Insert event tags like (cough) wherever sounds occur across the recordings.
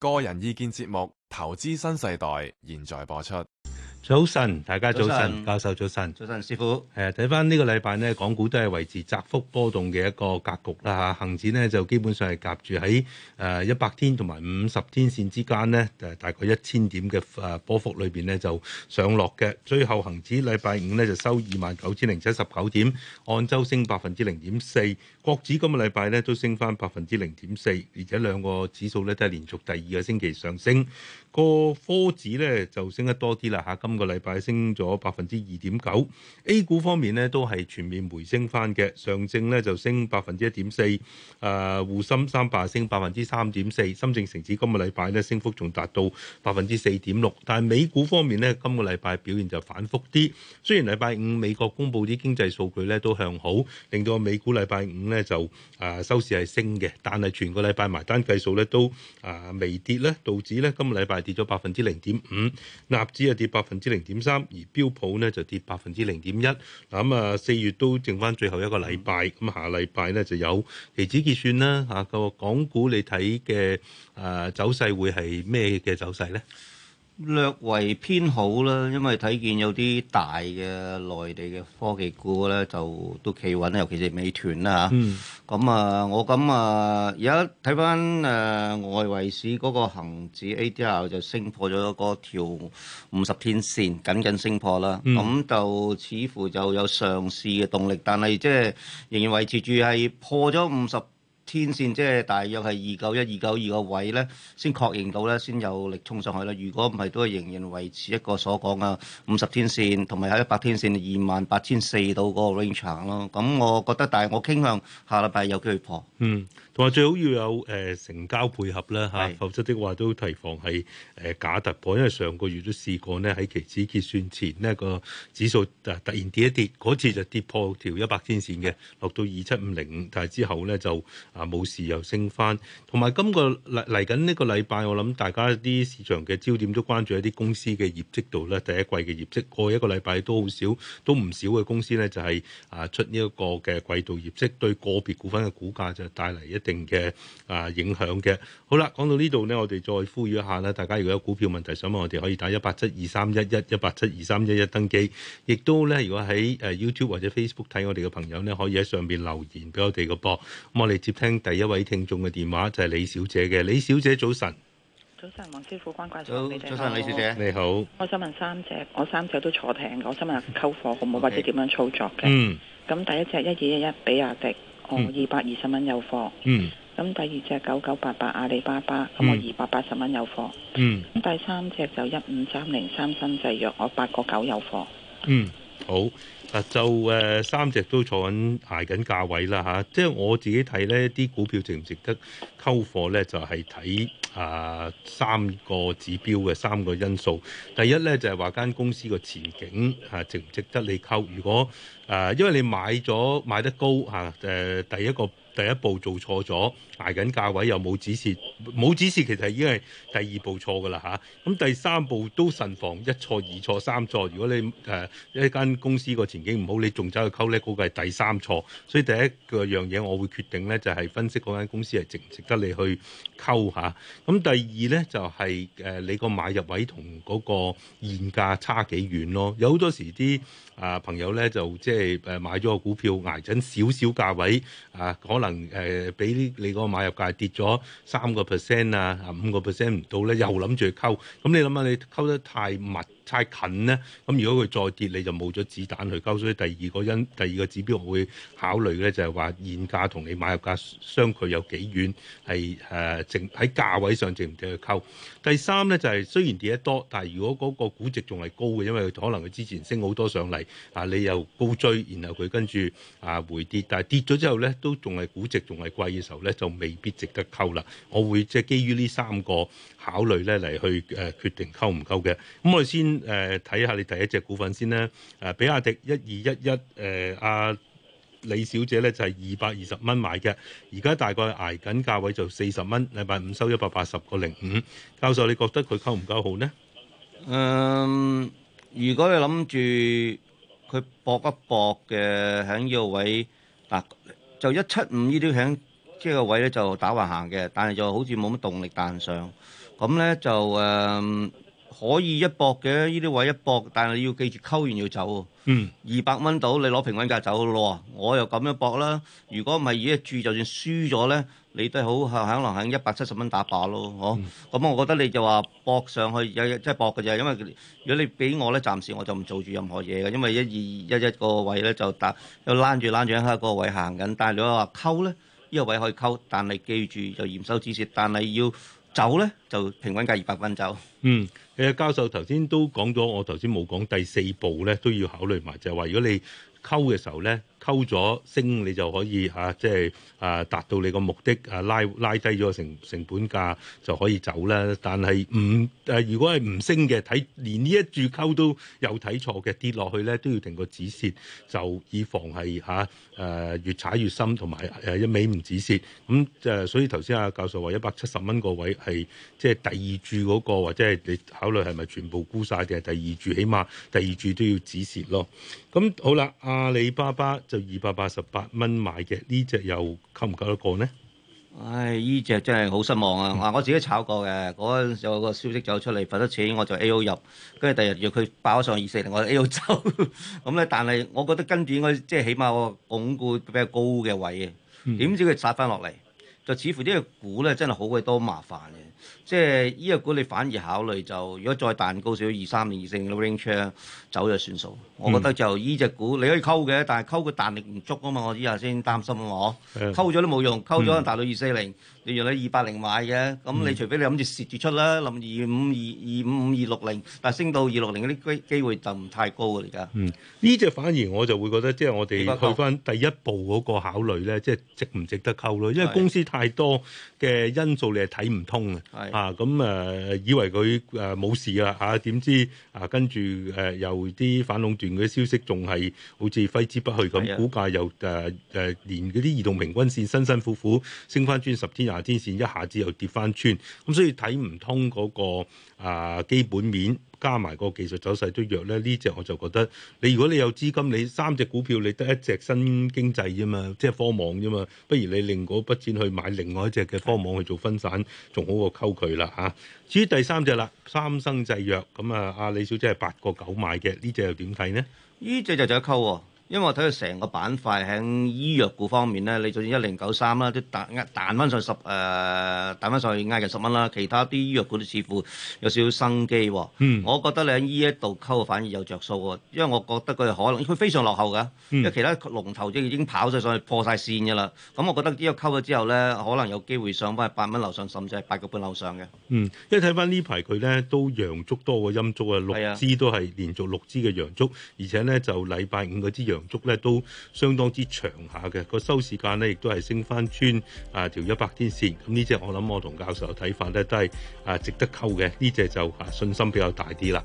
個人意見節目《投資新世代》現在播出。早晨，大家早晨，教授早晨，早晨，師傅。係啊，睇翻呢個禮拜咧，港股都係維持窄幅波動嘅一個格局啦吓。恒指咧就基本上係夾住喺誒一百天同埋五十天線之間咧，誒大概一千點嘅誒波幅裏邊咧就上落嘅。最後恒指禮拜五咧就收二萬九千零七十九點，按周升百分之零點四。國指今個禮拜咧都升翻百分之零點四，而且兩個指數咧都係連續第二個星期上升。個科指咧就升得多啲啦吓今。今個禮拜升咗百分之二點九，A 股方面呢，都係全面回升翻嘅，上證呢，就升百分之一點四，誒、呃、滬深三百升百分之三點四，深圳成指今個禮拜呢，升幅仲達到百分之四點六。但係美股方面呢，今個禮拜表現就反復啲，雖然禮拜五美國公布啲經濟數據呢都向好，令到美股禮拜五呢就誒、呃、收市係升嘅，但係全個禮拜埋單計數呢都誒微跌呢，道指呢今個禮拜跌咗百分之零點五，納指啊跌百分。之零點三，而標普呢就跌百分之零點一。嗱咁啊，四月都剩翻最後一個禮拜，咁、嗯、下個禮拜呢就有期指結算啦。嚇、啊、個港股你睇嘅誒走勢會係咩嘅走勢呢？略為偏好啦，因為睇見有啲大嘅內地嘅科技股咧，就都企穩，尤其是美團啦嚇。咁啊、嗯，我咁啊，而家睇翻誒外圍市嗰個恆指 A D R 就升破咗嗰條五十天線，緊緊升破啦。咁、嗯、就似乎就有上市嘅動力，但係即係仍然維持住係破咗五十。天線即係大約係二九一、二九二個位咧，先確認到咧，先有力衝上去咧。如果唔係，都係仍然維持一個所講嘅五十天線同埋有一百天線二萬八千四到嗰個 range 咯。咁我覺得，但係我傾向下禮拜有機會破。嗯，同埋最好要有誒、呃、成交配合啦嚇，啊、是否則的話都提防係誒假突破，因為上個月都試過呢，喺期指結算前呢、呢個指數突然跌一跌，嗰次就跌破條一百天線嘅，落到二七五零，但係之後咧就。冇事又升翻，同埋今個嚟嚟緊呢個禮拜，我諗大家啲市場嘅焦點都關注一啲公司嘅業績度咧，第一季嘅業績過一個禮拜都好少，都唔少嘅公司咧就係啊出呢一個嘅季度業績，對個別股份嘅股價就帶嚟一定嘅啊影響嘅。好啦，講到呢度呢，我哋再呼籲一下啦，大家如果有股票問題想問我哋，可以打一八七二三一一一八七二三一一登記，亦都咧如果喺誒 YouTube 或者 Facebook 睇我哋嘅朋友呢，可以喺上邊留言俾我哋嘅噃，咁我哋接聽。第一位聽眾嘅電話就係李小姐嘅。李小姐早晨，早晨黃師傅，關掛住李早晨，李小姐，你好，你好我我，我想問三、啊、隻，我三隻都坐艇，我想問溝貨好唔好，Okay. 或者點樣操作嘅？嗯，咁第一隻一二一一，比亞迪，我二百二十蚊有貨。嗯，咁第二隻九九八八阿里巴巴，咁我二百八十蚊有貨。嗯，咁第三隻就一五三零三生製藥，我八個九有貨。嗯。好，嗱、啊、就誒、啊、三隻都坐緊挨緊價位啦嚇、啊，即係我自己睇咧啲股票值唔值得溝貨咧，就係、是、睇啊三個指標嘅三個因素。第一咧就係話間公司個前景嚇、啊、值唔值得你溝？如果誒、啊、因為你買咗買得高嚇，誒、啊啊、第一個。第一步做錯咗，挨緊價位又冇指示，冇指示其實已經係第二步錯㗎啦吓，咁、啊嗯、第三步都慎防一錯、二錯、三錯。如果你誒、呃、一間公司個前景唔好，你仲走去溝呢，嗰、那個係第三錯。所以第一個樣嘢，我會決定呢，就係、是、分析嗰間公司係值唔值得你去溝嚇。咁、啊嗯、第二呢，就係、是、誒、呃、你個買入位同嗰個現價差幾遠咯。有好多時啲啊、呃、朋友呢，就即係誒買咗個股票挨緊少少價位啊可可能誒俾，呃，你個買入價跌咗三個 percent 啊，啊五個 percent 唔到咧，又諗住去溝。咁你諗下你溝得太密，太近呢，咁如果佢再跌，你就冇咗子彈去溝。所以第二個因第二個指標，我會考慮呢，就係話現價同你買入價相距有幾遠，係誒淨喺價位上值唔值去溝。第三呢，就係、是、雖然跌得多，但係如果嗰個估值仲係高嘅，因為可能佢之前升好多上嚟，啊你又高追，然後佢跟住啊回跌，但係跌咗之後呢，都仲係估值仲係貴嘅時候呢，就未必值得溝啦。我會即係、就是、基於呢三個。考慮咧嚟去誒、呃、決定溝唔溝嘅。咁我哋先誒睇下你第一隻股份先咧，誒比亞迪一二一一，誒阿李小姐咧就係二百二十蚊買嘅，而家大概捱緊價位就四十蚊，禮拜五收一百八十個零五，教授你覺得佢溝唔溝好呢？嗯、呃，如果你諗住佢搏一搏嘅喺呢個位，嗱、啊、就一七五呢啲喺即係個位咧就打橫行嘅，但係就好似冇乜動力彈上。咁咧就誒、呃、可以一搏嘅，呢啲位一搏，但係你要記住溝完要走。嗯，二百蚊到你攞平均價走咯。我又咁樣搏啦。如果唔係而家住就算輸咗咧，你都好係可能係一百七十蚊打靶咯。哦、嗯、咁、嗯、我覺得你就話搏上去有有即係搏嘅啫。因為如果你俾我咧，暫時我就唔做住任何嘢嘅，因為一二一一個位咧就打又攬住攬住喺嗰個位行緊。但係你話溝咧，呢、呢個位可以溝，但係記住就嚴守止蝕，但係要。走咧就平均價二百蚊走。嗯，誒、呃、教授頭先都講咗，我頭先冇講第四步咧都要考慮埋，就係、是、話如果你溝嘅時候咧。溝咗升你就可以吓，即係誒達到你個目的啊，拉拉低咗成成本價就可以走啦。但係唔誒，如果係唔升嘅睇，連呢一注溝都有睇錯嘅，跌落去咧，都要定個止蝕，就以防係吓誒越踩越深，同埋誒一味唔止蝕。咁、嗯、就、啊、所以頭先阿教授話一百七十蚊個位係即係第二注嗰、嗰個，或者係你考慮係咪全部沽晒定係第二注？起碼第二注都要止蝕咯。咁好啦，阿里巴巴就。二百八十八蚊買嘅呢隻又夠唔夠得過呢？唉、哎，呢隻真係好失望啊！我、嗯、我自己炒過嘅，嗰陣有個消息走出嚟，罰咗錢我就 A O 入，跟住第日若佢爆咗上二四零，我 A O 走。咁 (laughs) 咧、嗯，但係我覺得跟住應該即係起碼我鞏固比較高嘅位，點知佢殺翻落嚟，就似乎呢個股咧真係好鬼多麻煩嘅。即係呢隻股，你反而考慮就，如果再彈高少少，二三年二四年嘅 range 走就算數。嗯、我覺得就呢隻、這個、股你可以溝嘅，但係溝個彈力唔足啊嘛，我依下先擔心啊，嗬的。溝咗都冇用，溝咗大到二四零，嗯、你用喺二八零買嘅，咁你除非你諗住蝕住出啦，臨二五二二五五二六零，25, 25, 26, 但係升到二六零嗰啲機機會就唔太高啊，而家。嗯，呢、這、隻、個、反而我就會覺得，即係我哋去翻第一步嗰個考慮咧，即係值唔值得溝咯？因為公司太多嘅因素你，你係睇唔通啊。啊，咁誒、呃、以為佢誒冇事啊吓，點知啊跟住誒，又啲、呃、反壟斷嘅消息仲係好似揮之不去咁，股價又誒誒、呃呃，連嗰啲移動平均線辛辛苦苦升翻穿十天廿天線，一下子又跌翻穿，咁、啊、所以睇唔通嗰、嗰個啊基本面。加埋個技術走勢都弱咧，呢隻我就覺得你如果你有資金，你三隻股票你得一隻新經濟啫嘛，即係科網啫嘛，不如你令嗰筆錢去買另外一隻嘅科網去做分散，仲好過溝佢啦嚇。至於第三隻啦，三生製藥咁啊，阿李小姐係八個九買嘅，呢隻又點睇呢？呢隻就就一溝喎。因為我睇到成個板塊喺醫藥股方面咧，你就算一零九三啦，都彈壓翻上十誒、呃，彈翻上去挨近十蚊啦。其他啲醫藥股都似乎有少少生機喎、哦。嗯、我覺得你喺呢一度溝反而有着數喎。因為我覺得佢可能佢非常落後㗎，因為、嗯、其他龍頭已經跑晒上去破晒線㗎啦。咁、嗯、我覺得呢個溝咗之後咧，可能有機會上翻去八蚊樓上，甚至係八個半樓上嘅。嗯，因為睇翻呢排佢咧都陽燭多過陰燭啊，六支都係連續六支嘅陽燭，而且咧就禮拜五嗰支陽續咧都相當之長下嘅，個收市價咧，亦都係升翻穿啊條一百天線。咁呢隻我諗我同教授嘅睇法咧，都係啊值得溝嘅。呢隻就啊信心比較大啲啦。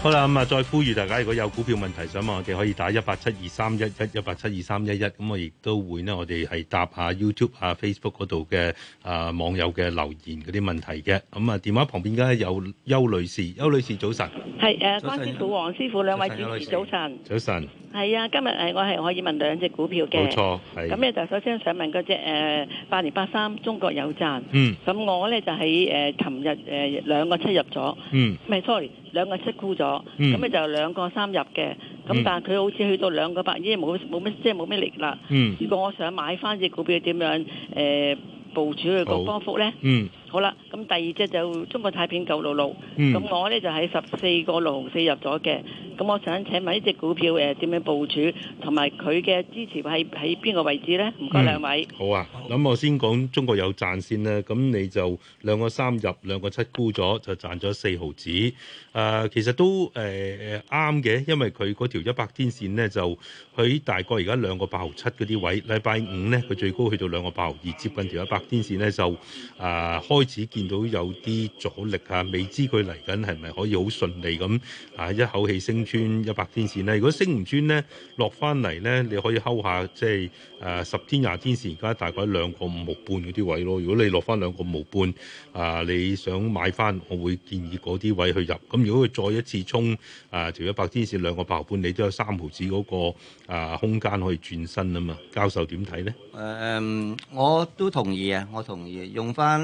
好啦，咁啊，再呼籲大家，如果有股票問題想問，我哋可以打一八七二三一一一八七二三一一，咁我亦都會呢，我哋係答下 YouTube 啊、Facebook 嗰度嘅啊網友嘅留言嗰啲問題嘅。咁啊，電話旁邊嘅有邱女士，邱女士早晨。係誒，關師傅、黃師傅兩位主持早晨。早晨。係啊，今日誒，我係可以問兩隻股票嘅。冇錯。咁咧就首先想問嗰隻誒八零八三中國有讚。嗯。咁我咧就喺誒琴日誒兩個出入咗。嗯。唔係，sorry。兩個出沽咗，咁你、嗯、就兩個三入嘅，咁、嗯、但係佢好似去到兩個百億冇冇咩即係冇咩力啦。嗯，如果我想買翻隻股票點樣誒、呃？部署去個波幅咧？嗯。好啦，咁、嗯嗯、第二隻就中國太平九六六，咁、嗯、我咧就喺十四個六毫四入咗嘅，咁我想請問呢隻股票誒點樣部署？同埋佢嘅支持係喺邊個位置咧？唔該兩位、嗯。好啊，咁我先講中國有賺先啦，咁你就兩個三入，兩個七沽咗就賺咗四毫子。誒、呃，其實都誒啱嘅，因為佢嗰條一百天線咧就佢大概而家兩個八毫七嗰啲位，禮拜五咧佢最高去到兩個八毫二，接近條一百天線咧就誒、呃、開。開始見到有啲阻力嚇、啊，未知佢嚟緊係咪可以好順利咁啊！一口氣升穿一百天線咧，如果升唔穿咧，落翻嚟咧，你可以睺下即係誒十天、廿天線，而家大概兩個五毫半嗰啲位咯。如果你落翻兩個五毫半啊、呃，你想買翻，我會建議嗰啲位去入。咁如果佢再一次衝啊，條一百天線兩個八毫半，你都有三毫子嗰、那個啊、呃、空間可以轉身啊嘛。教授點睇咧？誒、嗯，我都同意啊，我同意用翻。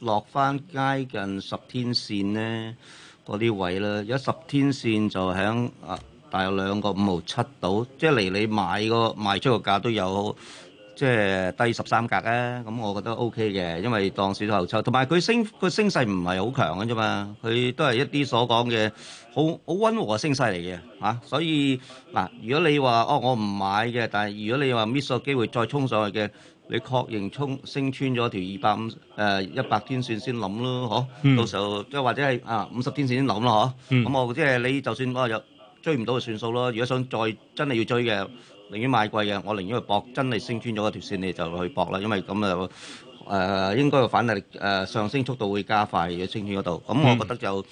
落翻接近十天線咧嗰啲位咧，有十天線就喺啊大約兩個五毫七度，即係離你買個賣出個價都有即係低十三格啊！咁我覺得 O K 嘅，因為當時都後抽，同埋佢升佢升勢唔係好強嘅啫嘛，佢都係一啲所講嘅好好溫和嘅升勢嚟嘅嚇，所以嗱，如果你話哦我唔買嘅，但係如果你話 miss 個機會再衝上去嘅。你確認衝升穿咗條二百五誒一百天線先諗咯，嗬？到時候即係或者係啊五十天線先諗咯，嗬？咁我即係你就算我有追唔到就算數咯。如果想再真係要追嘅，寧願買貴嘅，我寧願去搏真係升穿咗嗰條線，你就去搏啦。因為咁啊誒，應該個反彈力誒上升速度會加快嘅升穿嗰度。咁我覺得就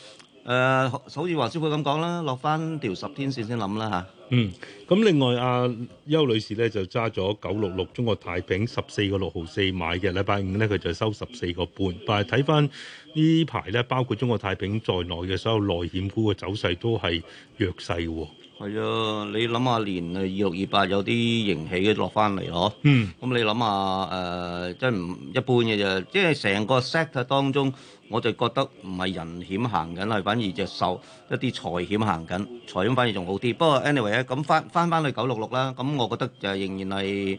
誒，好似黃師傅咁講啦，落翻條十天線先諗啦嚇。嗯，咁另外阿邱、啊、女士咧，就揸咗九六六中國太平十四個六毫四買嘅，禮拜五咧佢就收十四個半，但係睇翻呢排咧，包括中國太平在內嘅所有內險股嘅走勢都係弱勢嘅、哦。係啊，你諗下年啊二六二八有啲盈起落翻嚟咯，咁你諗下誒，真唔一般嘅就，即係成個 set 啊當中，我就覺得唔係人險行緊啦，反而就受一啲財險行緊，財險反而仲好啲。不過 anyway 咧，咁翻翻翻去九六六啦，咁我覺得就仍然係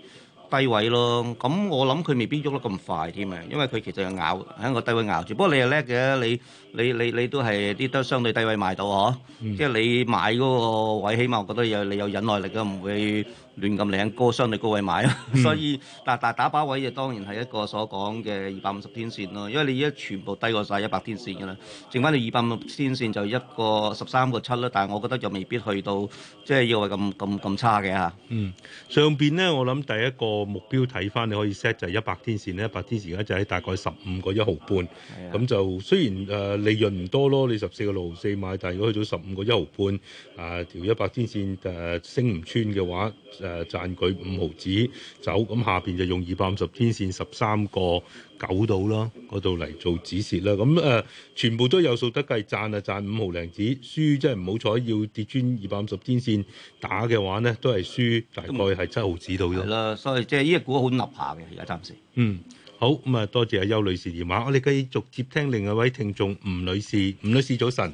低位咯，咁我諗佢未必喐得咁快添啊，因為佢其實有咬喺個低位咬住。不過你又叻嘅，你你你你都係啲都相對低位賣到呵，即係、嗯、你買嗰個位，起碼我覺得你有你有忍耐力啊，唔會。亂咁靚，歌相你高位買咯，嗯、所以但係打打靶位就當然係一個所講嘅二百五十天線咯，因為你依家全部低過晒一百天線㗎啦，剩翻你二百五十天線就一個十三個七啦，但係我覺得就未必去到即係要為咁咁咁差嘅嚇。嗯，上邊咧我諗第一個目標睇翻你可以 set 就係一百天線咧，一百天線而家就係大概十五個一毫半，咁就雖然誒、呃、利潤唔多咯，你十四個六毫四買，但係如果去到十五個一毫半，啊條一百天線誒、呃、升唔穿嘅話。呃誒，賺佢五毫紙走，咁下邊就用二百五十天線十三個九到啦，嗰度嚟做指示啦。咁誒、呃，全部都有數得計，賺啊賺五毫零紙，輸即係唔好彩要跌穿二百五十天線打嘅話呢，都係輸，大概係七毫紙到嘅。係啦、嗯，所以即係呢隻股好立下嘅，而家暫時。嗯，好，咁、嗯、啊，多謝阿邱女士電話，我哋繼續接聽另一位聽眾吳女士，吳女士，女士早晨。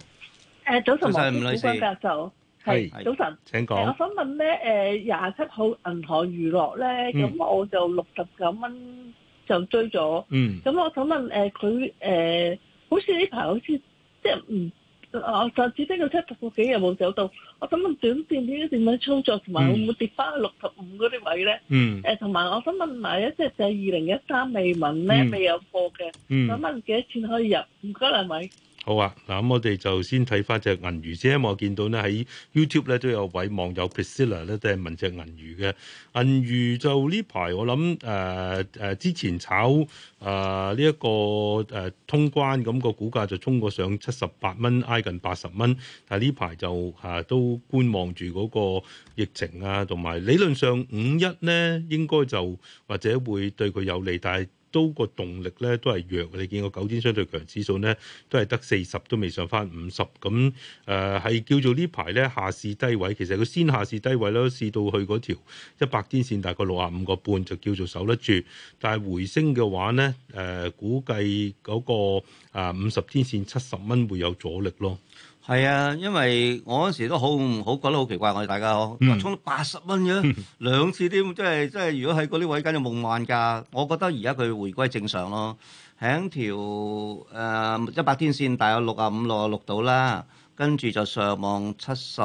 誒上，早晨，吳女士。係早晨，請講。我想問咧，誒廿七號銀行娛樂咧，咁我就六十九蚊就追咗、嗯呃呃。嗯，咁我想問誒佢誒，好似呢排好似即係唔，我就只追到七十個幾又冇走到。我想問短線點解點樣操作，同埋會唔會跌翻六十五嗰啲位咧？嗯，誒同埋我想問埋一隻就係二零一三未聞咧，未有貨嘅，咁乜幾多錢可以入？唔該，兩位。好啊，嗱咁我哋就先睇翻隻銀娛先，因為我見到咧喺 YouTube 咧都有位網友 Piscilla 咧都係問隻銀娛嘅。銀娛就呢排我諗誒誒之前炒誒呢一個誒、呃、通關咁個股價就衝過上七十八蚊，挨近八十蚊，但係呢排就嚇、啊、都觀望住嗰個疫情啊，同埋理論上五一咧應該就或者會對佢有利，但係。都個動力咧都係弱，你見過九天相對強指數咧都係得四十，都未上翻五十，咁誒係叫做呢排咧下市低位，其實佢先下市低位咯，試到去嗰條一百天線大概六啊五個半，就叫做守得住，但係回升嘅話咧誒、呃，估計嗰、那個啊五十天線七十蚊會有阻力咯。係啊，因為我嗰時都好好，覺得好奇怪我哋大家呵，充八十蚊啫， (laughs) 兩次添。即係即係如果喺嗰啲位間就夢幻㗎，我覺得而家佢回歸正常咯。喺條誒一百天線大約六十五、六十六度啦，跟住就上望七十。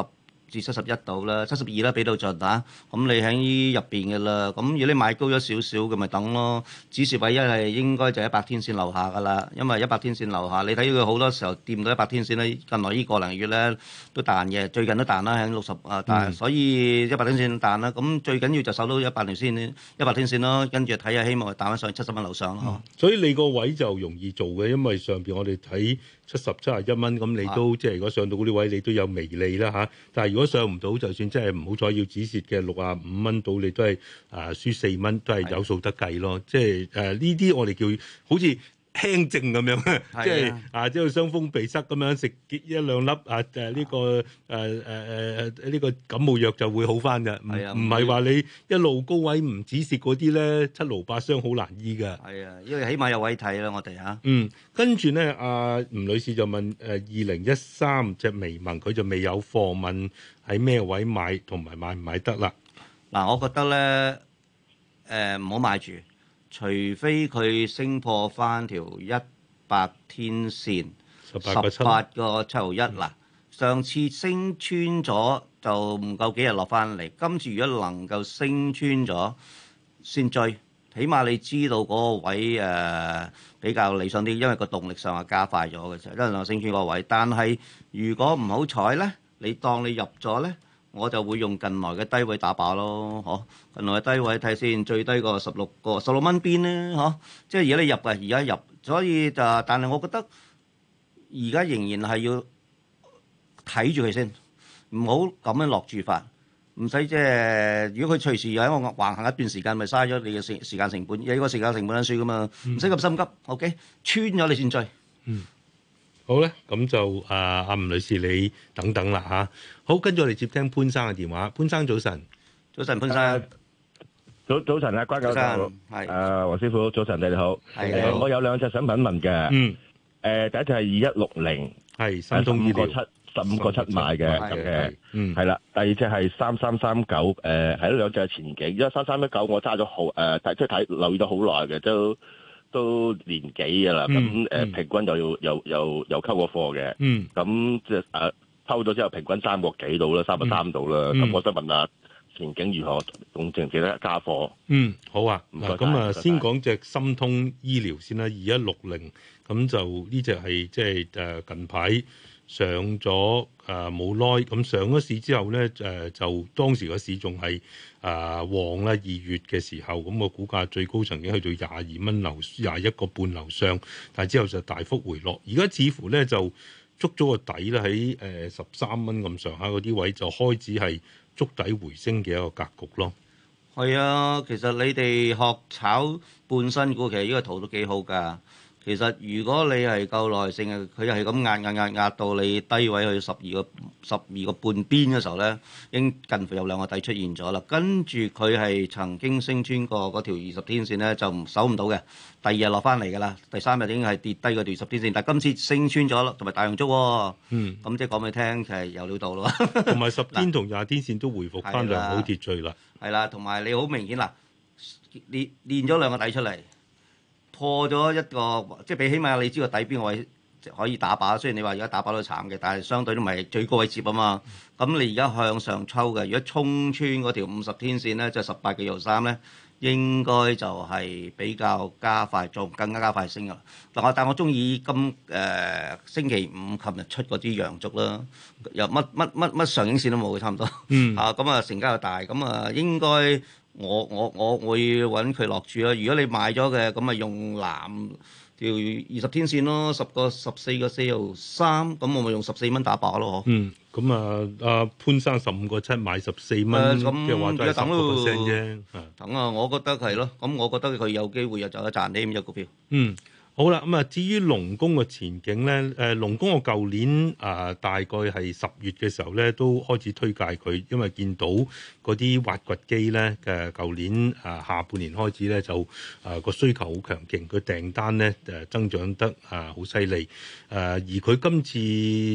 至七十一度啦，七十二啦，俾到再打，咁你喺呢入邊嘅啦，咁如果你買高咗少少嘅，咪等咯。指示位一係應該就係一百天線樓下噶啦，因為一百天線樓下，你睇佢好多時候掂到一百天線咧，近來呢個零月咧都彈嘅，最近都彈啦，喺六十啊，但係所以一百天線彈啦，咁最緊要就守到一百零線，一百天線咯，跟住睇下希望彈翻上去七十蚊樓上咯。所以你個位就容易做嘅，因為上邊我哋睇七十七十一蚊，咁你都即係如果上到嗰啲位，你都有微利啦嚇，但係要。如果上唔到，就算真係唔好彩，要止蝕嘅六啊五蚊到，你都係啊、呃、輸四蚊，都係有數得計咯。的即係誒呢啲我哋叫好似。輕症咁樣，即係啊，即係傷風鼻塞咁樣，食一兩粒啊，誒、這、呢個誒誒誒呢個感冒藥就會好翻嘅。係啊的，唔係話你一路高位唔止蝕嗰啲咧，七勞八傷好難醫噶。係啊，因為起碼有位睇啦，我哋啊。嗯，跟住咧，阿、呃、吳女士就問誒，二零一三隻微盟佢就未有貨，問喺咩位買，同埋買唔買得啦？嗱、啊，我覺得咧，誒唔好買住。除非佢升破翻條一百天線，十八個七號一嗱， (noise) 上次升穿咗就唔夠幾日落翻嚟，今次如果能夠升穿咗先追，起碼你知道嗰個位誒、呃、比較理想啲，因為個動力上係加快咗嘅啫，因為升穿個位。但係如果唔好彩咧，你當你入咗咧。我就會用近來嘅低位打靶咯，嗬、啊！近來嘅低位睇先，最低個十六個十六蚊邊咧，嗬、啊！即係而家你入嘅，而家入，所以就但係我覺得而家仍然係要睇住佢先，唔好咁樣落注法，唔使即係如果佢隨時喺我橫行一段時間，咪嘥咗你嘅時時間成本，有個時間成本因素噶嘛，唔使咁心急，OK？穿咗你先追。嗯嗯好咧，咁就啊，阿吳女士你等等啦嚇。好，跟住我哋接聽潘生嘅電話。潘生早晨，早晨潘生，早早晨啊，關教授，係啊，黃師傅，早晨，你哋好。我有兩隻想問一問嘅。嗯。誒，第一隻係二一六零，係十五個七，十五個七買嘅咁嘅。嗯。係啦，第二隻係三三三九，誒，係兩隻前景。因為三三一九我揸咗好誒，即係睇留意咗好耐嘅都。都年幾嘅啦，咁、嗯、誒、嗯、平均又要又又又溝過貨嘅，咁即係誒溝咗之後平均三個幾度啦，三個三度啦，咁我想問下前景如何，仲唔值得加貨？嗯，好啊，嗱，咁啊先講隻心通醫療先啦，二一六零，咁、這個、就呢隻係即係誒近排，上咗誒冇耐，咁、呃、上咗市之後咧誒、呃、就當時個市仲係誒旺啦，二月嘅時候，咁、嗯、個股價最高曾經去到廿二蚊樓廿一個半樓上，但係之後就大幅回落。而家似乎咧就捉咗個底啦，喺誒十三蚊咁上下嗰啲位就開始係捉底回升嘅一個格局咯。係啊，其實你哋學炒半新股，其實呢個圖都幾好㗎。其實如果你係夠耐性嘅，佢又係咁壓壓壓壓到你低位去十二個十二個半邊嘅時候咧，已經近乎有兩個底出現咗啦。跟住佢係曾經升穿過嗰條二十天線咧，就唔守唔到嘅。第二日落翻嚟㗎啦，第三日已經係跌低嗰條十天線，但今次升穿咗咯，同埋大陽燭。嗯。咁即係講俾你聽，其實有料到咯。同埋十天同廿天線都回覆翻良好秩序啦。係啦，同埋你好明顯啦，練練咗兩個底出嚟。破咗一個，即係比起碼你知道底個底邊位可以打靶，雖然你話而家打靶都慘嘅，但係相對都唔係最高位置啊嘛。咁你而家向上抽嘅，如果衝穿嗰條五十天線咧，即係十八幾六三咧，應該就係比較加快，仲更加加快升㗎喇。但我但我中意今誒、呃、星期五琴日出嗰啲陽燭啦，又乜乜乜乜上影線都冇嘅，差唔多啊。咁、嗯、啊，成交又大，咁啊應該。我我我會揾佢落住咯。如果你買咗嘅，咁咪用藍條二十天線咯，十個十四個四號三，咁我咪用十四蚊打靶咯。嗬。嗯。咁啊，阿潘生十五個七買十四蚊，咁係話再係十個 p 啫。嗯、等啊，我覺得係咯。咁我覺得佢有機會又賺一賺啲咁嘅股票。嗯。好啦，咁啊，至於龍工嘅前景咧，誒龍工我舊年啊大概係十月嘅時候咧，都開始推介佢，因為見到。嗰啲挖掘機咧，誒舊年啊下半年開始咧就誒個、啊、需求好強勁，佢訂單咧誒增長得啊好犀利，誒而佢今次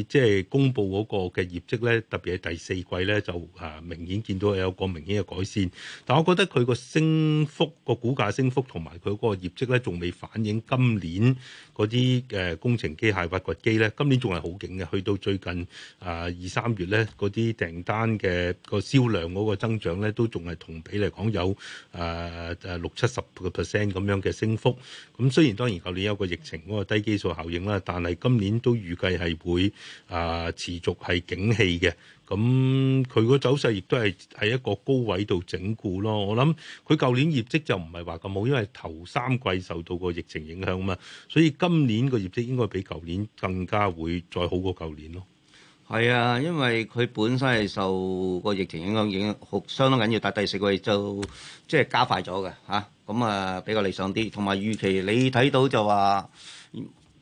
即係公布嗰個嘅業績咧，特別係第四季咧就啊明顯見到有個明顯嘅改善，但我覺得佢個升幅、個股價升幅同埋佢嗰個業績咧，仲未反映今年。嗰啲誒工程機械挖掘機咧，今年仲係好勁嘅，去到最近啊二三月咧，嗰啲訂單嘅個銷量嗰個增長咧，都仲係同比嚟講有誒誒六七十個 percent 咁樣嘅升幅。咁雖然當然舊年有個疫情嗰個低基數效應啦，但係今年都預計係會啊、呃、持續係景氣嘅。咁佢個走勢亦都係喺一個高位度整固咯。我諗，佢舊年業績就唔係話咁好，因為頭三季受到個疫情影響嘛。所以今年個業績應該比舊年更加會再好過舊年咯。係啊，因為佢本身係受個疫情影響影響好相當緊要，但係第四季就即係加快咗嘅吓。咁啊比較理想啲，同埋預期你睇到就話。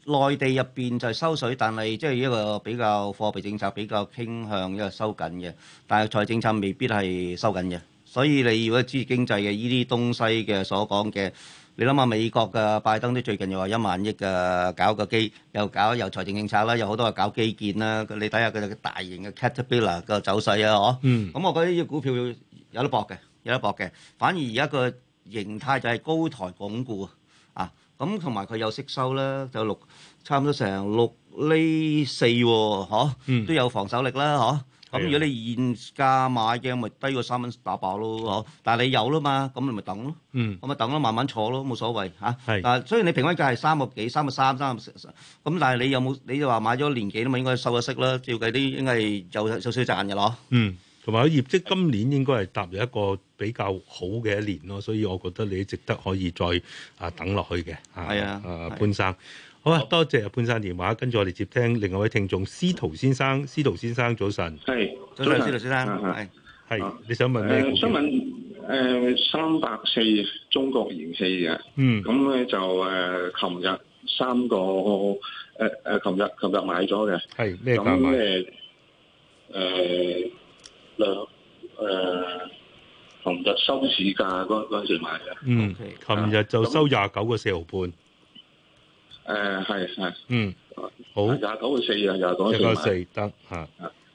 內地入邊就係收水，但係即係一個比較貨幣政策比較傾向一個收緊嘅，但係財政政策未必係收緊嘅。所以你如果知經濟嘅呢啲東西嘅所講嘅，你諗下美國嘅拜登都最近又話一萬億嘅搞個基，又搞又財政政策啦，又好多係搞基建啦。你睇下佢嘅大型嘅 caterpillar 嘅走勢啊，嗬。咁我覺得呢啲股票有得搏嘅，有得搏嘅。反而而家個形態就係高台鞏固啊。咁同埋佢有息收啦，就六差唔多成六厘四喎、哦，啊嗯、都有防守力啦，嗬、啊。咁、嗯、如果你現價買嘅，咪低過三蚊打爆咯，嗬、啊。但係你有啦嘛，咁你咪等咯。嗯。咁咪等咯，慢慢坐咯，冇所謂嚇。係、啊。但係是、啊、雖然你平均價係三個幾、三個三、三百十，咁但係你有冇？你就話買咗年幾啦嘛，應該收咗息啦，照計啲應該係有有少少，少賺嘅咯。嗯。同埋佢業績今年應該係踏入一個比較好嘅一年咯，所以我覺得你值得可以再等啊等落去嘅。係啊，潘生，好啊，好多謝潘生電話。跟住我哋接聽另外一位聽眾司徒先生，司徒先生早晨，係早晨，司徒先生，係，係你想問咩、呃？想問誒、呃、三百四中國燃氣嘅，嗯，咁咧就誒琴、呃、日三個誒誒琴日琴日買咗嘅，係咩價買？誒就誒，琴日收市價嗰嗰陣時買嘅。嗯，琴日就收廿九個四毫半。誒，係係。嗯，好廿九個四啊，廿九個四。得吓。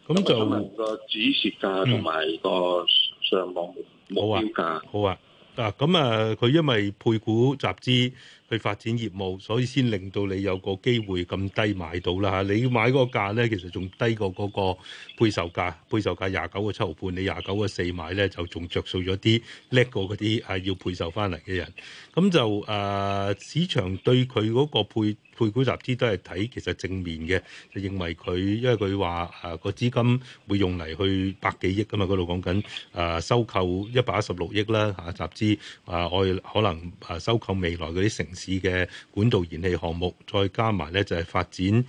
咁、嗯、就個止蝕價同埋個上網目標價。好啊，嗱，咁啊，佢、啊、因為配股集資。去發展業務，所以先令到你有個機會咁低買到啦嚇、啊！你買嗰個價咧，其實仲低過嗰個配售價，配售價廿九個七毫半，你廿九個四買咧就仲着數咗啲，叻過嗰啲啊要配售翻嚟嘅人。咁就誒、啊、市場對佢嗰個配配股集資都係睇其實正面嘅，就認為佢因為佢話誒個資金會用嚟去百幾億㗎嘛，嗰度講緊誒收購一百一十六億啦嚇、啊、集資啊，我可能誒收購未來嗰啲城。市嘅管道燃氣項目，再加埋咧就係、是、發展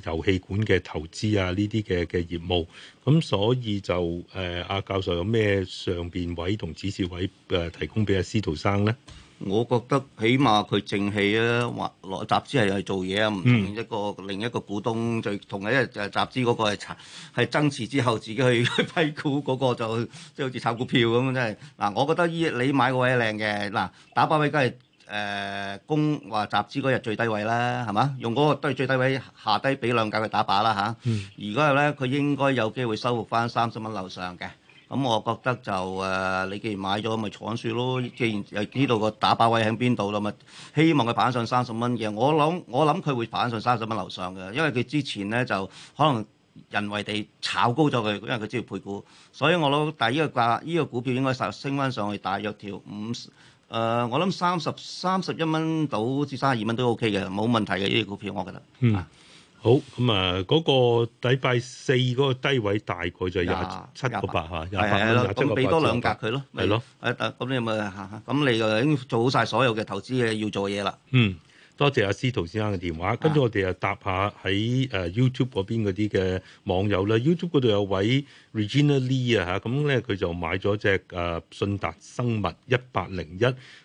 誒油氣管嘅投資啊，呢啲嘅嘅業務。咁所以就誒阿、呃、教授有咩上邊位同指示位誒、呃、提供俾阿司徒生咧？我覺得起碼佢正氣啊，話攞集資係去做嘢啊，唔同一個、嗯、另一個股東最同一日集資嗰個係炒，係增持之後自己去批股嗰個就即係好似炒股票咁，樣，真係嗱。我覺得依你買個位靚嘅嗱，打包位梗係。誒、呃、公話集資嗰日最低位啦，係嘛？用嗰個都係最低位下低俾兩架去打靶啦嚇。而嗰日咧，佢、嗯、應該有機會收復翻三十蚊樓上嘅。咁、嗯、我覺得就誒、呃，你既然買咗，咪坐住咯。既然又知道個打靶位喺邊度啦，咪希望佢反上三十蚊嘅。我諗我諗佢會反上三十蚊樓上嘅，因為佢之前咧就可能人為地炒高咗佢，因為佢知道配股，所以我諗第一個價呢、呢個股票應該升翻上去，大約跳五十。誒、呃，我諗三十三十一蚊到至三十二蚊都 O K 嘅，冇問題嘅，呢啲股票我覺得，嗯，好，咁啊，嗰、呃嗰個禮拜四嗰個低位大概就廿七個八嚇，廿八個八，俾多兩格佢咯，係就咯，誒咁你咪嚇嚇，咁你就已經做好晒所有嘅投資嘅要做嘅嘢啦。嗯。多謝阿司徒先生嘅電話，跟住我哋又答下喺誒 YouTube 嗰邊嗰啲嘅網友啦。啊、YouTube 嗰度有位 Regina Lee 啊嚇，咁咧佢就買咗隻誒信達生物一八零一。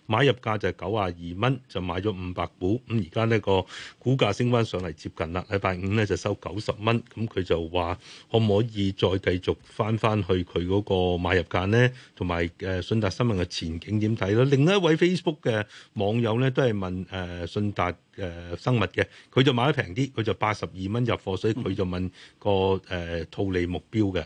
買入價就係九啊二蚊，就買咗五百股。咁而家呢個股價升翻上嚟接近啦。禮拜五咧就收九十蚊，咁佢就話可唔可以再繼續翻翻去佢嗰個買入價呢？同埋誒信達生物嘅前景點睇咧？另一位 Facebook 嘅網友咧都係問誒信達誒生物嘅，佢就買得平啲，佢就八十二蚊入貨，所以佢就問個誒套利目標嘅。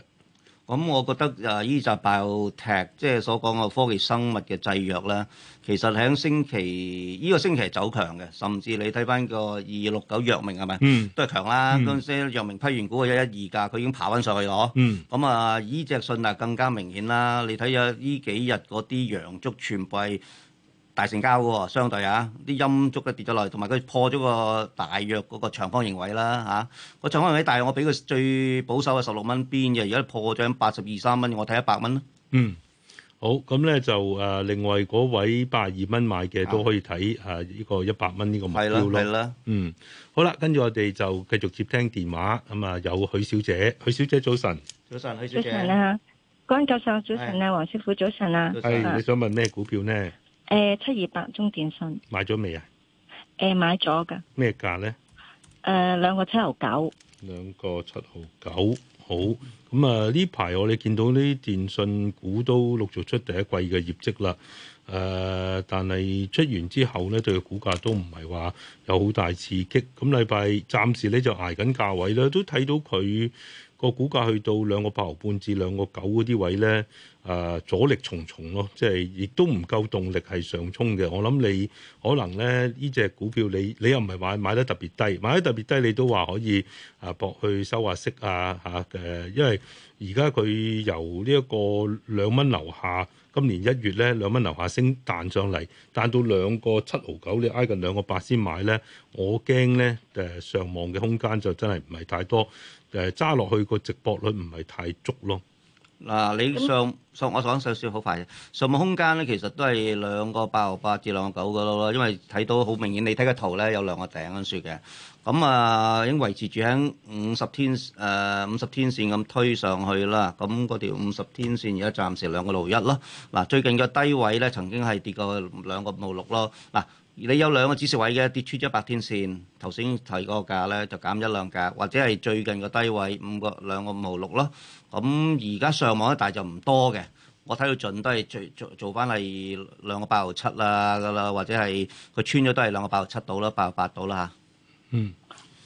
咁、嗯、我覺得啊，依集爆踢，即係所講嘅科技生物嘅製藥咧，其實喺星期呢、這個星期係走強嘅，甚至你睇翻個二六九藥明係咪，嗯、都係強啦。嗰時藥明批完股啊，一一二價，佢已經爬翻上去咗。咁、嗯嗯嗯、啊，依隻信啊更加明顯啦。你睇下呢幾日嗰啲陽燭全部。大成交喎，相對啊，啲陰燭嘅跌咗落嚟，同埋佢破咗個大約嗰個長方形位啦嚇。個、啊、長方形位大約我俾佢最保守嘅十六蚊邊嘅，而家破咗八十二三蚊，我睇一百蚊咯。嗯，好，咁咧就誒，另外嗰位八二蚊買嘅都可以睇誒呢個一百蚊呢個目標啦，係啦、係啦。嗯，好啦，跟住我哋就繼續接聽電話咁啊，有許小姐，許小姐早晨，早晨，許小姐啊，江教授早晨啊，黃師傅早晨啊。係你想問咩股票呢？誒、呃，七二八中電信買咗未啊？誒、呃，買咗噶咩價咧？誒、呃，兩個七毫九，兩個七毫九，好，咁啊！呢排我哋見到呢電信股都陸續出第一季嘅業績啦。誒、呃，但係出完之後咧，對個股價都唔係話有好大刺激。咁禮拜暫時咧就挨緊價位啦，都睇到佢。個股價去到兩個八毫半至兩個九嗰啲位咧，誒、啊、阻力重重咯，即係亦都唔夠動力係上衝嘅。我諗你可能咧呢隻、這個、股票你，你你又唔係買買得特別低，買得特別低你都話可以啊博去收下息啊嚇誒、啊啊，因為而家佢由呢一個兩蚊樓下，今年一月咧兩蚊樓下升彈上嚟，彈到兩個七毫九，你挨近兩個八先買咧，我驚咧誒上望嘅空間就真係唔係太多。誒揸落去個直播率唔係太足咯。嗱、啊，你上上我講少少好快嘅上嘅空間咧，其實都係兩個八毫八至兩個九嗰度咯。因為睇到好明顯，你睇個圖咧有兩個頂緊住嘅。咁、嗯、啊已經維持住喺五十天誒五十天線咁推上去啦。咁、嗯、嗰條五十天線而家暫時兩個六一咯。嗱、啊，最近嘅低位咧曾經係跌過兩個六六咯。嗱、啊。你有兩個指示位嘅跌穿咗百天線，頭先提嗰個價咧就減一兩價，或者係最近個低位五個兩個五毫六咯。咁而家上網咧，但係就唔多嘅。我睇到盡都係最做做翻係兩個八毫七啦，噶啦，或者係佢穿咗都係兩個八毫七到啦，八毫八到啦嚇。嗯。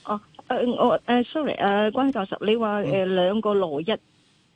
哦，誒我誒 sorry 誒，關教授，你話誒兩個羅一。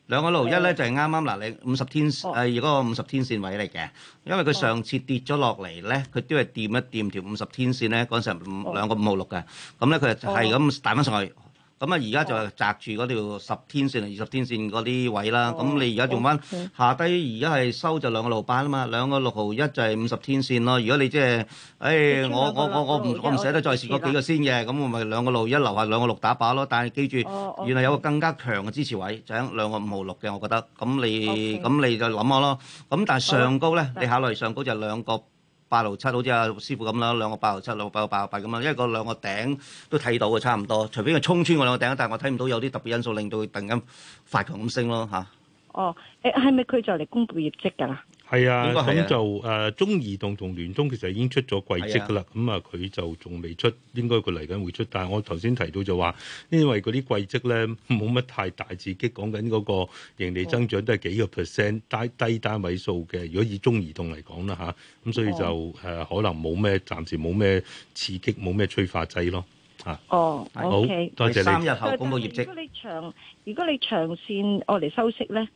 兩個六一咧、oh. 就係啱啱嗱你五十天線誒，如果個五十天線位嚟嘅，因為佢上次跌咗落嚟咧，佢都係掂一掂條五十天線咧，嗰陣兩個五六嘅，咁咧佢就係咁彈翻上去。Oh. 嗯。咁啊！而家就係擲住嗰條十天線、二十天線嗰啲位啦。咁、oh, 你而家用翻 okay. 下低，而家係收就兩個六板啊嘛。兩個六號一就係五十天線咯。如果你即係誒，我我我我唔我唔捨得再試嗰幾個先嘅，咁我咪兩個六一留下兩個六打靶咯。但係記住，oh, okay. 原來有個更加強嘅支持位，就喺、是、兩個五號六嘅。我覺得咁你咁 Okay. 你就諗下咯。咁但係上高咧，oh, 你考慮上高就係兩個。八六七，好似阿師傅咁啦，兩個八六七，兩個八六八咁啦，因為嗰兩個頂都睇到嘅，差唔多。隨便佢衝穿我兩個頂，但係我睇唔到有啲特別因素令到佢突然間發強咁升咯吓？啊、哦，誒係咪佢就嚟公布業績㗎啦？係啊，咁就誒中移動同聯通其實已經出咗季績噶啦，咁啊佢就仲未出，應該佢嚟緊會出。但係我頭先提到就話，因為嗰啲季績咧冇乜太大刺激，講緊嗰個盈利增長都係幾個 percent，低低單位數嘅。如果以中移動嚟講啦嚇，咁、啊、所以就誒可能冇咩暫時冇咩刺激，冇咩催化劑咯嚇。哦、啊，oh, okay. 好，多謝你。三日後嗰個業績如。如果你長如果你長線我嚟收息咧，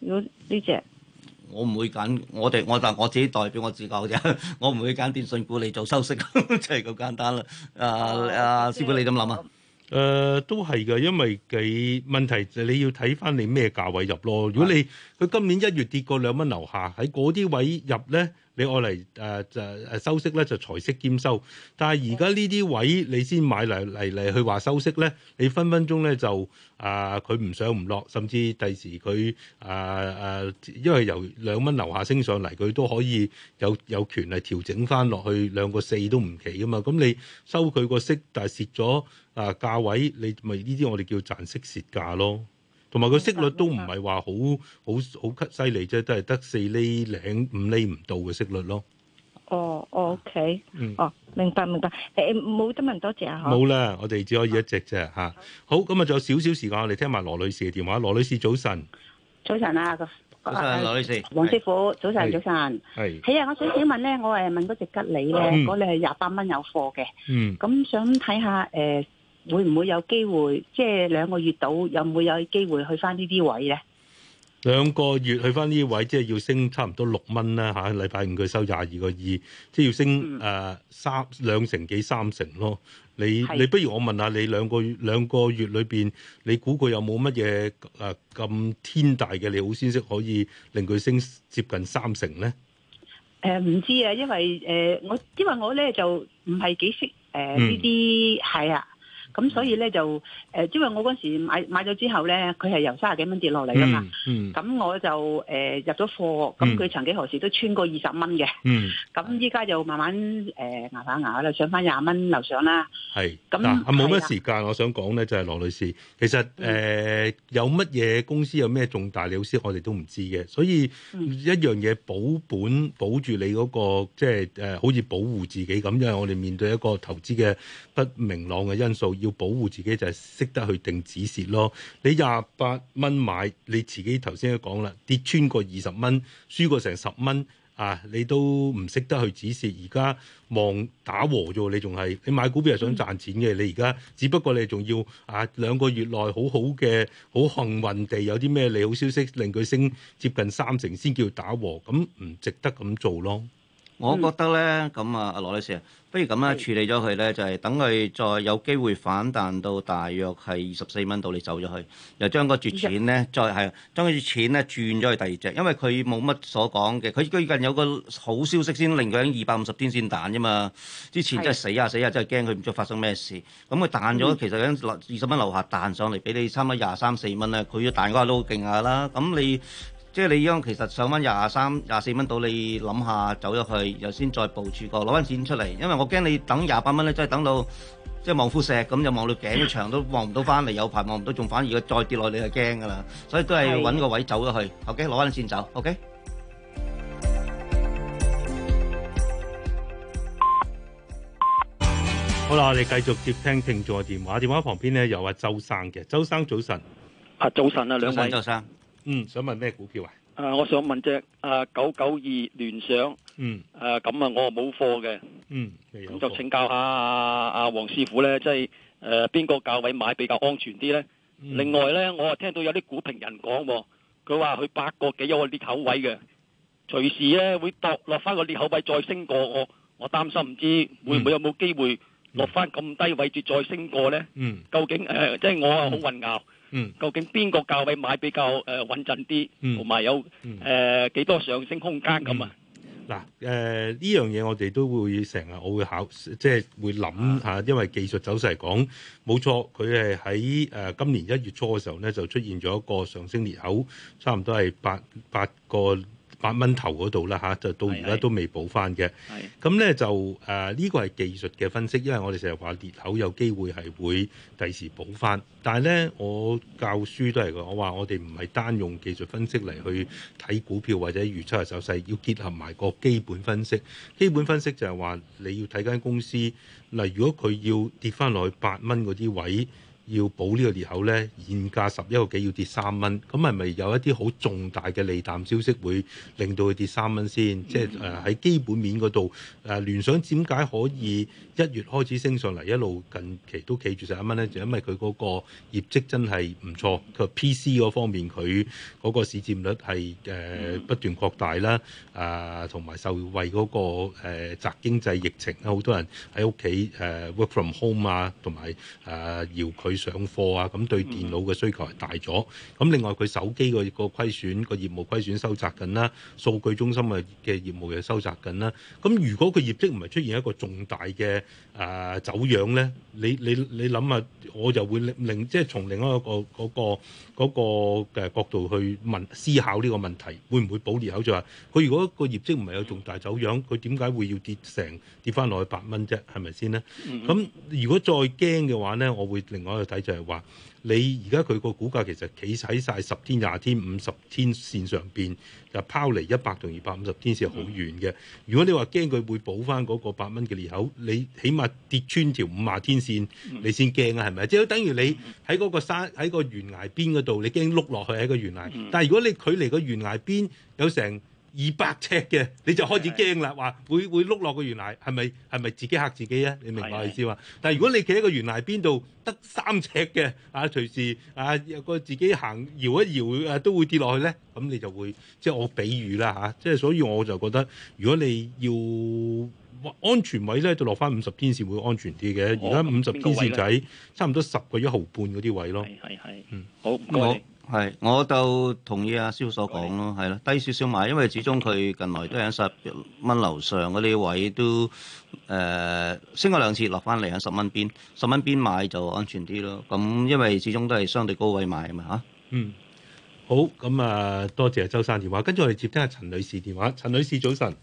如果呢隻？我唔會揀，我哋我就我自己代表我自教啫。我唔會揀電信股嚟做收息， (laughs) 就係咁簡單啦。啊啊，師傅你咁諗啊？誒、呃，都係嘅，因為佢問題就你要睇翻你咩價位入咯。如果你佢的今年一月跌過兩蚊樓下，喺嗰啲位入咧。你我嚟誒誒收息咧就財息兼收，但係而家呢啲位你先買嚟嚟嚟去話收息咧，你分分鐘咧就啊佢唔上唔落，甚至第時佢啊啊因為由兩蚊樓下升上嚟，佢都可以有有權利調整翻落去兩個四都唔奇噶嘛，咁你收佢個息，但係蝕咗啊價位，你咪呢啲我哋叫賺息蝕價咯。同埋個息率都唔係話好好好吸犀利啫，都係得四釐兩五釐唔到嘅息率咯。哦，OK，嗯，哦，明白明白。誒，冇得問，多謝啊！嚇，冇啦，我哋只可以一隻啫嚇。好，咁啊，仲有少少時間，我哋聽埋羅女士嘅電話。羅女士，早晨，早晨啊，早晨，羅女士，黃師傅，早晨，早晨，係，係啊，我想請問咧，我係問嗰隻吉利咧，嗰度係廿八蚊有貨嘅，嗯，咁想睇下誒。會唔會有機會？即係兩個月到，有唔會有機會去翻呢啲位咧？兩個月去翻呢啲位，即係要升差唔多六蚊啦，吓！禮拜五佢收廿二個二，即係要升誒三兩成幾三成咯。你你不如我問下你兩個月兩個月裏邊，你估佢有冇乜嘢誒咁天大嘅利好消息可以令佢升接近三成咧？誒，唔知啊，因為誒我因為我咧就唔係幾識誒呢啲係啊。咁所以咧就誒，因為我嗰時買買咗之後咧，佢係由卅幾蚊跌落嚟噶嘛。嗯。咁我就誒、呃、入咗貨，咁佢、嗯、曾幾何時都穿過二十蚊嘅。嗯。咁依家就慢慢誒、呃、牙迫牙牙啦，上翻廿蚊樓上啦。係是。咁係冇乜時間，啊、我想講咧，就係羅女士，其實誒、呃嗯、有乜嘢公司有咩重大利好先，我哋都唔知嘅。所以、嗯、所以一樣嘢保本保住你嗰、那個，即係誒，好似保護自己咁，因為我哋面對一個投資嘅不明朗嘅因素。要保護自己就係、是、識得去定止蝕咯。你廿八蚊買，你自己頭先都講啦，跌穿過二十蚊，輸過成十蚊啊，你都唔識得去止蝕。而家望打和啫，你仲係你買股票係想賺錢嘅。嗯、你而家只不過你仲要啊兩個月內好好嘅，好幸運地有啲咩利好消息令佢升接近三成先叫打和，咁唔值得咁做咯。我覺得咧，咁啊，阿羅女士，不如咁樣、啊，是處理咗佢咧，就係、是、等佢再有機會反彈到大約係二十四蚊度，你走咗去，又將個絕錢咧，再係將啲錢咧轉咗去第二隻，因為佢冇乜所講嘅，佢最近有個好消息先令佢喺二百五十天線彈啫嘛，之前真係死下、啊、是死下、啊，真係驚佢唔知發生咩事。咁佢彈咗，是其實喺二十蚊樓下彈上嚟，俾你差唔多廿三四蚊啦。佢要彈嗰下都勁下啦，咁你。即係你依家，其實上翻廿三、廿四蚊到，你諗下走咗去，又先再部署過攞翻錢出嚟。因為我驚你等廿八蚊咧，真係等到即係望夫石咁，又望到頸都長都望唔到翻嚟，有排望唔到，仲反而佢再跌落嚟，你就驚噶啦。所以都係要揾個位走咗去，OK，攞翻啲錢走，OK。好啦，我哋繼續接聽聽眾電話，電話旁邊咧有阿周生嘅，周生早晨。啊，早晨啊，兩位。早晨，周生。嗯，想問咩股票啊？啊，我想問隻啊九九二聯想。嗯。啊，咁啊，我冇貨嘅。嗯。咁就請教下阿阿黃師傅咧，即係誒邊個價位買比較安全啲咧？嗯、另外咧，我啊聽到有啲股評人講，佢話佢八個幾有個裂口位嘅，隨時咧會落落翻個裂口位再升過我，我擔心唔知會唔會有冇機會落翻咁低位置再，再升過咧，嗯嗯？嗯。究竟誒，啊，即係我啊好混淆。嗯嗯，究竟邊個價位買比較誒穩陣啲，同埋有誒幾多上升空間咁啊？嗱，誒呢樣嘢我哋都會成日我會考，即係會諗吓，因為技術走勢嚟講，冇錯，佢係喺誒今年一月初嘅時候咧就出現咗一個上升裂口，差唔多係八八個。八蚊頭嗰度啦吓，就到而家都未補翻嘅。咁咧就誒呢、呃這個係技術嘅分析，因為我哋成日話裂口有機會係會第時補翻，但係咧我教書都係講，我話我哋唔係單用技術分析嚟去睇股票或者預測個走勢，要結合埋個基本分析。基本分析就係話你要睇間公司，嗱、呃，如果佢要跌翻落去八蚊嗰啲位。要補呢個裂口咧，現價十一個幾要跌三蚊，咁係咪有一啲好重大嘅利淡消息會令到佢跌三蚊先？即係誒喺基本面度誒聯想點解可以一月開始升上嚟，一路近期都企住十一蚊咧？就因為佢個業績真係唔錯，佢 PC 嗰方面佢個市佔率係誒、呃、不斷擴大啦，誒同埋受惠、嗰個誒宅、呃、經濟疫情啊，好多人喺屋企誒 work from home 啊，同埋誒遙距。呃上課啊，咁對電腦嘅需求係大咗。咁另外佢手機個個虧損個業務虧損收窄緊啦，數據中心嘅嘅業務又收窄緊啦。咁如果佢業績唔係出現一個重大嘅誒、呃、走樣咧，你你你諗下，我就會令令即係從另外一個嗰個嗰個嘅角度去問思考呢個問題會唔會補裂口？即係話佢如果個業績唔係有重大走樣，佢點解會要跌成跌翻落去八蚊啫？係咪先咧？咁、嗯嗯嗯、如果再驚嘅話咧，我會另外。睇就係話，你而家佢個股價其實企喺晒十天、廿天、五十天線上邊，就拋離一百同二百五十天線好遠嘅。如果你話驚佢會補翻嗰個八蚊嘅裂口，你起碼跌穿條五廿天線你先驚啊，是是，係咪？即係等於你喺嗰個山，喺個懸崖邊嗰度，你驚碌落去喺個懸崖。但係如果你距離個懸崖邊有成。二百尺嘅你就開始驚啦，話會會碌落個懸崖，係咪係咪自己嚇自己啊？你明白意思嘛？但係如果你企喺個懸崖邊度得三尺嘅，啊隨時啊有個自己行搖一搖啊都會跌落去咧，咁、嗯、你就會即係我比喻啦嚇、啊，即係所以我就覺得如果你要安全位咧，就落翻五十天線會安全啲嘅。而家五十天線仔、哦、差唔多十個一毫半嗰啲位咯。係係，嗯好。係，我就同意阿、啊、師傅所講咯，係咯，低少少買，因為始終佢近來都喺十蚊樓上嗰啲位都誒、呃、升咗兩次，落翻嚟喺十蚊邊，十蚊邊買就安全啲咯。咁因為始終都係相對高位買啊嘛嚇。嗯，好，咁啊多謝周生電話，跟住我哋接聽下陳女士電話。陳女士早晨。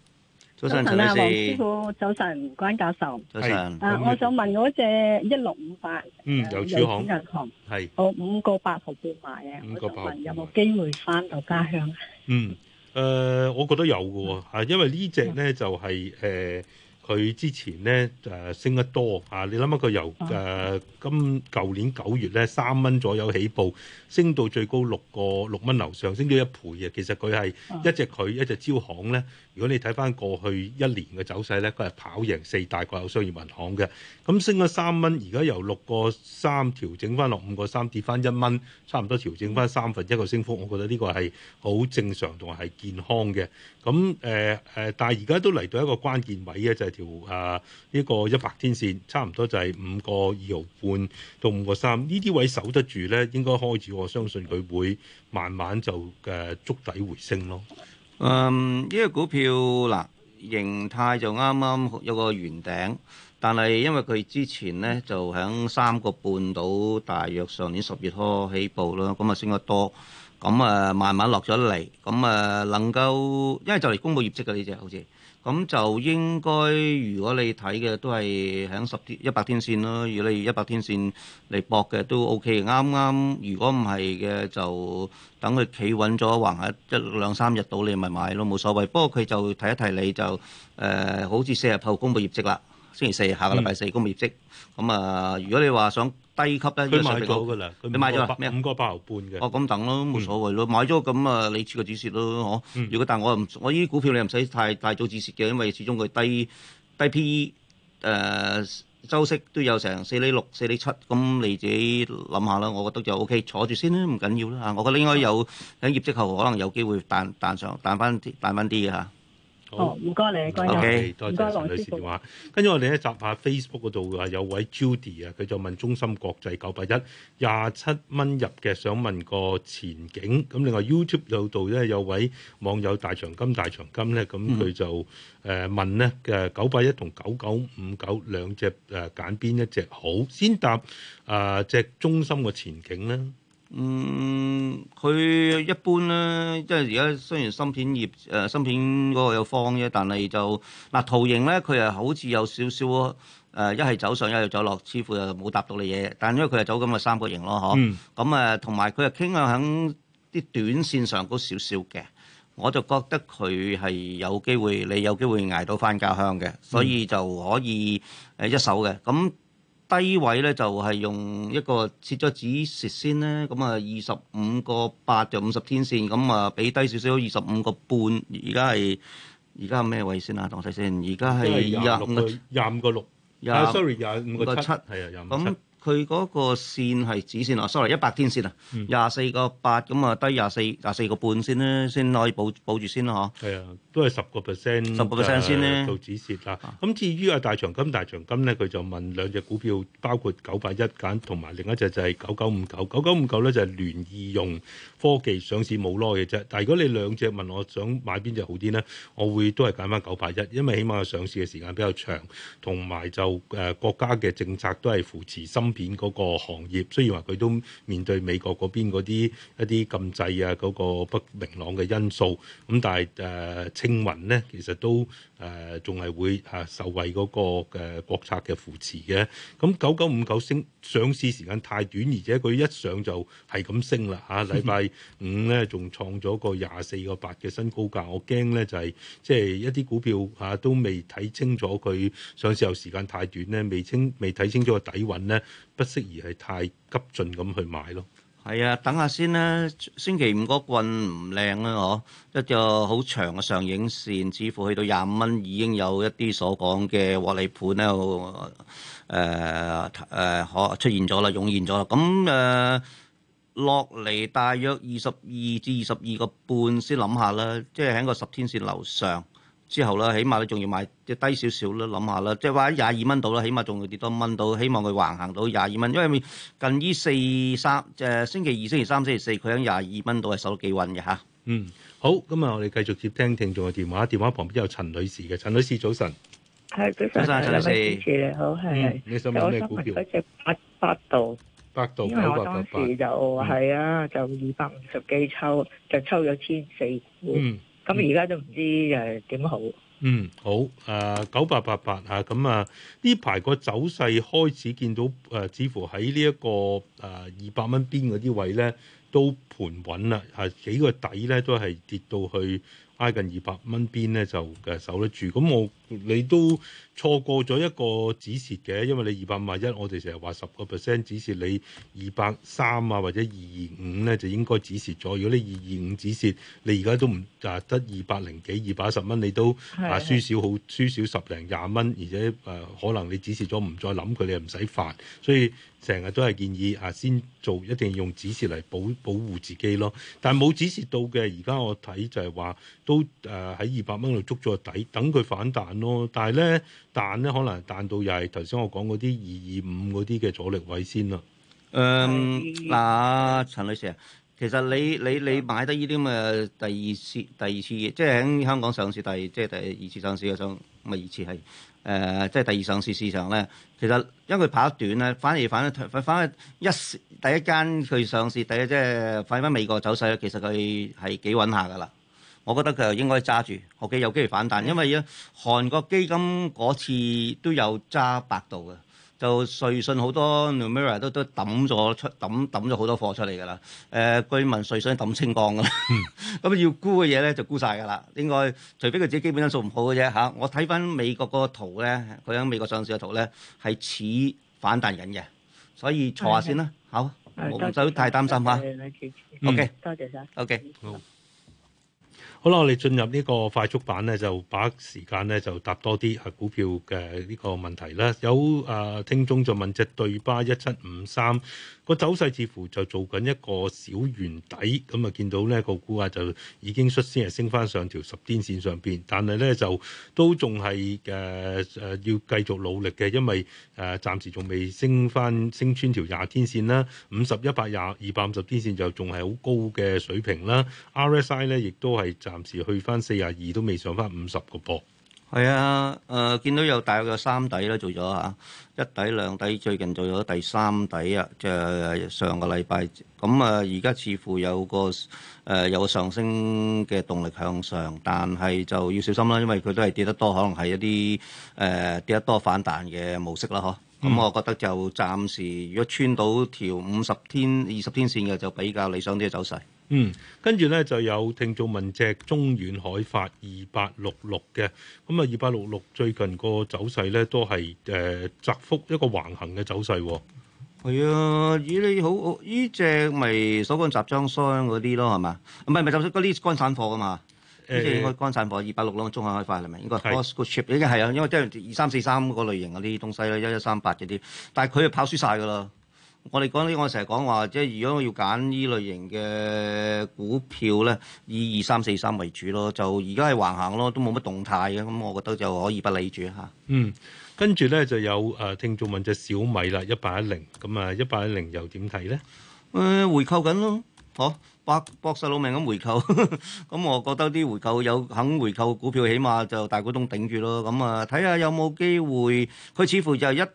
早晨，早晨上，王師傅，早晨，關教授，早晨是。啊，我想問嗰隻一六五八，嗯，郵儲、呃、行，銀行係，是我五個八同佢買嘅，我想問有冇機會返到家鄉？嗯，誒、呃，我覺得有嘅，吓，因為呢隻咧就係、是、誒。呃佢之前咧誒、呃、升得多嚇、啊，你諗下，佢由誒今舊年九月咧三蚊左右起步，升到最高六個六蚊樓上，升咗一倍啊！其實佢係一隻佢一隻招行咧。如果你睇翻過去一年嘅走勢咧，佢係跑贏四大個有商業銀行嘅。咁升咗三蚊，而家由六個三調整翻落五個三，跌翻一蚊，差唔多調整翻三分一個升幅。我覺得呢個係好正常同埋係健康嘅。咁誒誒，但係而家都嚟到一個關鍵位嘅就係、是。條啊呢、這個一百天線差唔多就係五個二毫半到五個三，呢啲位守得住咧，應該開始，我相信佢會慢慢就誒築、啊、底回升咯。嗯，呢個股票嗱形態就啱啱有個圓頂，但係因為佢之前咧就響三個半到大約上年十月初起步啦，咁啊升得多，咁啊慢慢落咗嚟，咁啊能夠因為就嚟公布業績嘅呢隻好似。咁就應該，如果你睇嘅都係喺十天一百天線咯，如果你一百天線嚟博嘅都 O、OK, K。啱啱如果唔係嘅，就等佢企穩咗，橫下一,一兩三日到你咪買咯，冇所謂。不過佢就睇一睇你就誒、呃，好似四日後公布業績啦。星期四下個禮拜四公佈業績，咁啊、嗯嗯，如果你話想低級咧，佢買到噶啦，你買咗咩？五個八毫半嘅、啊。哦，咁等咯，冇所謂咯，嗯、買咗咁啊，你設個止蝕咯，嗯、如果但係我唔，我依啲股票你又唔使太大早止蝕嘅，因為始終佢低低 PE，誒周息都有成四厘六、四厘七，咁你自己諗下啦。我覺得就 OK，坐住先啦，唔緊要啦。嚇，我覺得應該有喺業績後可能有機會彈彈上彈翻啲彈翻啲嘅嚇。好，唔該、哦、你，多謝陳女士電話。跟住我哋喺集一下 Facebook 嗰度嘅有位 Judy 啊，佢就問中芯國際九八一廿七蚊入嘅，想問個前景。咁另外 YouTube 度咧，有位網友大長金大長金咧，咁佢就誒問咧嘅九八一同九九五九兩隻誒揀邊一隻好？先答啊隻、呃、中芯嘅前景啦。嗯，佢一般咧，即係而家雖然芯片業誒、呃、芯片嗰個有方啫，但係就嗱圖形咧，佢、呃、係好似有少少誒一係走上，一係走落，似乎又冇搭到你嘢。但因為佢係走咁嘅三角形咯，嗬、嗯。咁啊、嗯，同埋佢係傾向喺啲短線上高少少嘅，我就覺得佢係有機會，你有機會捱到翻家鄉嘅，所以就可以誒一手嘅咁。嗯嗯。低位咧就係、是、用一個切咗止蝕先咧，咁啊二十五個八就五十天線，咁啊俾低少少，二十五個半，而家係而家咩位先啊？同我睇先，而家係廿五個廿五個六，廿 sorry 廿五個七，係啊廿五個七。佢嗰個線係止線啊，sorry 一百天線啊，廿四個八咁啊低廿四廿四個半先咧，先可以保保住先咯、啊、嗬。係啊，都係十個 percent 十個 percent 先咧做止蝕啦。咁至於啊大長金大長金咧，佢就問兩隻股票，包括九百一揀同埋另一隻就係九九五九，九九五九咧就係聯易融科技上市冇耐嘅啫。但係如果你兩隻問我想買邊隻好啲咧，我會都係揀翻九百一，因為起碼上市嘅時間比較長，同埋就誒、呃、國家嘅政策都係扶持深。片嗰個行業，雖然話佢都面對美國嗰邊嗰啲一啲禁制啊，嗰、嗰個不明朗嘅因素，咁但係誒青雲咧，其實都誒仲係會嚇、啊、受惠嗰、嗰個嘅、啊、國策嘅扶持嘅。咁九九五九升上市時間太短，而且佢一上就係咁升啦嚇。禮、啊、拜五咧仲創咗個廿四個八嘅新高價，我驚咧就係即係一啲股票嚇、啊、都未睇清楚佢上市又時間太短咧，未清未睇清楚個底蘊咧。不適宜係太急進咁去買咯。係啊，等下先啦。星期五嗰棍唔靚啦，嗬，一隻好長嘅上影線，似乎去到廿五蚊已經有一啲所講嘅獲利盤咧，誒誒可出現咗啦，湧現咗啦。咁誒落嚟大約二十二至二十二個半先諗下啦，即係喺個十天線樓上。之後啦、就是，起碼都仲要賣即係低少少啦，諗下啦，即係話廿二蚊度啦，起碼仲要跌多蚊度，希望佢橫行到廿二蚊，因為近於四三誒星期二、星期三、星期四，佢喺廿二蚊度係守得幾穩嘅吓，嗯，好，今日我哋繼續接聽聽眾嘅電話，電話旁邊有陳女士嘅，陳女士早晨。係，早晨上，陳女士你好，你好。嗯，你想問咩股票？我隻百百度。百度九百九百。因為我當時就係啊，就二百五十幾抽，就抽咗千四嗯。咁而家都唔知誒點好？嗯，好，誒九八八八啊，咁啊呢排個走勢開始見到誒似乎喺呢一個誒二百蚊邊嗰啲位咧都盤穩啦，啊幾個底咧都係跌到去挨近二百蚊邊咧就誒守得住。咁、啊、我你都。錯過咗一個止蝕嘅，因為你二百五一，我哋成日話十個 percent 止蝕，你二百三啊或者二二五咧就應該止蝕咗。如果你二二五止蝕，你而家都唔啊得二百零幾二百一十蚊，你都啊輸少好輸少十零廿蚊，而且誒、啊、可能你止蝕咗唔再諗佢，你又唔使煩。所以成日都係建議啊，先做一定要用止蝕嚟保保護自己咯。但係冇止蝕到嘅，而家我睇就係話都誒喺二百蚊度捉咗底，等佢反彈咯。但係咧。彈咧，可能彈到又係頭先我講嗰啲二二五嗰啲嘅阻力位先囉。誒嗱、嗯呃，陳女士啊，其實你你你買得呢啲咁嘅第二次第二次，即係喺香港上市，第即係第二次上市嘅上咪二次係誒、呃，即係第二上市市場咧。其實因為佢跑得短咧，反而反反反而一第一間佢上市，第一即係反映翻美國走勢咧，其實佢係幾穩下噶啦。我覺得佢又應該揸住，學幾有機會反彈，因為咧韓國基金嗰次都有揸百度嘅，就瑞信好多 Nomura 都都抌咗出抌抌咗好多貨出嚟㗎啦。誒、呃，據聞瑞信抌清光啦，咁、嗯、 (laughs) 要沽嘅嘢咧就沽晒㗎啦。應該除非佢自己基本因素唔好嘅啫嚇。我睇翻美國個圖咧，佢喺美國上市嘅圖咧係似反彈緊嘅，所以坐下先啦。是是是好，唔使、嗯、太擔心嚇。O K，多謝晒。O K，好。好啦，我哋進入呢個快速版咧，就把時間咧就答多啲係股票嘅呢個問題啦。有誒、呃，聽眾就問隻對巴一七五三。個走勢似乎就做緊一個小圓底咁啊，就見到呢個股價就已經率先係升翻上條十天線上邊，但係咧就都仲係誒誒要繼續努力嘅，因為誒、呃、暫時仲未升翻升穿條廿天線啦，五十一百廿二百五十天線就仲係好高嘅水平啦。RSI 咧亦都係暫時去翻四十二都未上翻五十個波。係啊，誒、呃、見到有大約有三底啦，做咗嚇、啊、一底兩底，最近做咗第三底啊，即、呃、係上個禮拜咁啊，而、呃、家似乎有個誒、呃、有個上升嘅動力向上，但係就要小心啦，因為佢都係跌得多，可能係一啲誒、呃、跌得多反彈嘅模式啦，嗬、啊。咁、嗯嗯、我覺得就暫時如果穿到條五十天、二十天線嘅就比較理想啲嘅走勢。嗯，跟住咧就有聽眾問隻中遠海發二八六六嘅，咁啊二八六六最近個走勢咧都係誒、呃、窄幅一個橫行嘅走勢喎、哦。係啊，咦、哎、你好，呢隻咪所講集裝箱嗰啲咯，係、就是、嘛？唔係唔係，就係嗰啲乾散貨噶嘛。呢隻應該乾散貨二八六咯，中遠海發係咪？應該。已經係啊，因為即係二三四三個類型嗰啲東西咧，一一三八嗰啲，但係佢就跑輸晒噶啦。我哋講呢，我成日講話，即係如果我要揀呢類型嘅股票咧，以二三四三為主咯。就而家係橫行咯，都冇乜動態嘅，咁我覺得就可以不理住嚇。嗯，跟住咧就有誒聽眾問隻小米啦，一八一零，咁啊一八一零又點睇咧？誒、呃、回購緊咯，呵、啊，博博晒老命咁回購。咁、 (laughs) 嗯、我覺得啲回購有肯回購股票，起碼就大股東頂住咯。咁啊睇下有冇機會，佢似乎就係一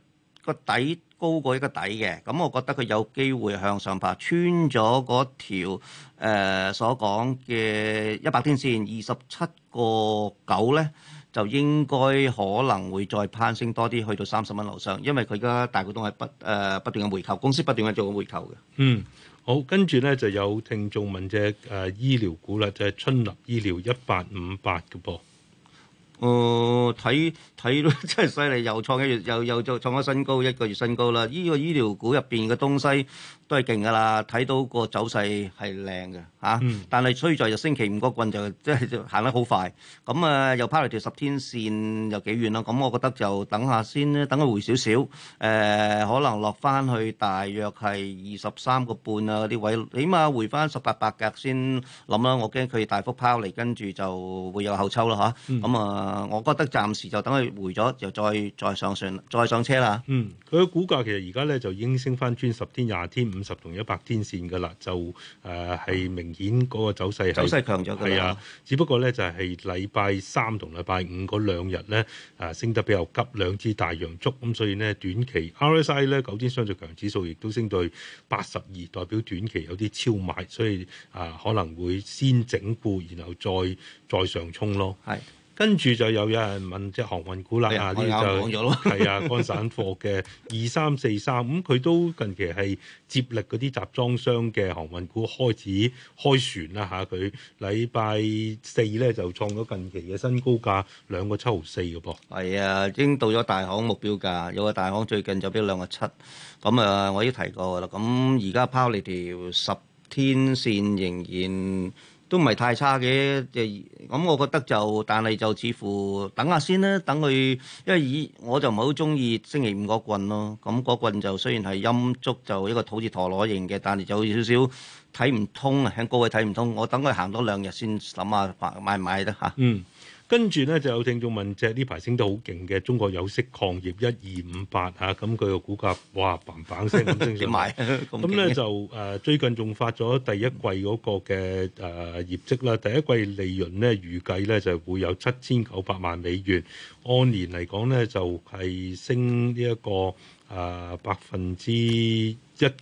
個底，高過一個底嘅，咁我覺得佢有機會向上爬穿咗嗰條、呃、所講嘅一百天線，二十七個九咧就應該可能會再攀升多啲，去到三十蚊樓上，因為佢而家大股東係不誒、呃、不斷嘅回購，公司不斷嘅做緊回購嘅。嗯，好，跟住咧就有聽眾問隻誒、啊、醫療股啦，就係、是、春立醫療一八五八嘅噃。哦，睇睇咯，真係犀利，又創一月，又又就創開新高，一個月新高啦！呢個醫療股入面嘅東西。都係勁噶啦，睇到個走勢係靚嘅嚇，啊嗯、但係衰在就星期五個棍就即係就行得好快，咁、嗯、啊又拋嚟條十天線又幾遠啦、啊，咁、嗯、我覺得就等下先咧，等佢回少少，誒、呃、可能落翻去大約係二十三個半啊啲位，起碼回翻十八八格先諗啦，我驚佢大幅拋嚟，跟住就會有後抽啦嚇。咁啊、嗯、啊，我覺得暫時就等佢回咗，就再再上船，再上車啦。嗯，佢嘅股價其實而家咧就已經升翻穿十天廿天五十同一百天線嘅啦，就誒係、呃、明顯嗰個走勢走勢強咗嘅啊，只不過咧就係禮拜三同禮拜五嗰兩日咧誒升得比較急，兩支大陽燭咁，所以咧短期 RSI 咧九天相對強指數亦都升到八十二，代表短期有啲超買，所以啊、呃、可能會先整固，然後再再上衝咯。係。跟住就有有人問即係航運股啦，啲、哎、呀就講咗係 (laughs) 啊乾散貨嘅二三四三咁，佢都近期係接力嗰啲集裝箱嘅航運股開始開船啦嚇，佢、啊、禮拜四咧就創咗近期嘅新高價兩個七毫四嘅噃。係啊，已經到咗大行目標價，有個大行最近就畀兩個七。咁、嗯、啊，我已經提過啦。咁而家拋你條十天線仍然。都唔係太差嘅，就咁我覺得就，但係就似乎等下先啦，等佢，因為以我就唔係好中意星期五個棍咯，咁個棍就雖然係陰燭，就一個好似陀螺形嘅，但係就有少少睇唔通啊，喺高位睇唔通，我等佢行多兩日先諗下買唔買得。嚇、啊。嗯。跟住咧就有聽眾問，即係呢排升得好勁嘅中國有色礦業，一二五八嚇，咁佢個股價哇砰砰聲咁升升。咁咧就誒、呃、最近仲發咗第一季嗰個嘅誒、呃、業績啦，第一季利潤咧預計咧就會有七千九百萬美元，按年嚟講咧就係、是、升呢、這、一個誒、呃、百分之一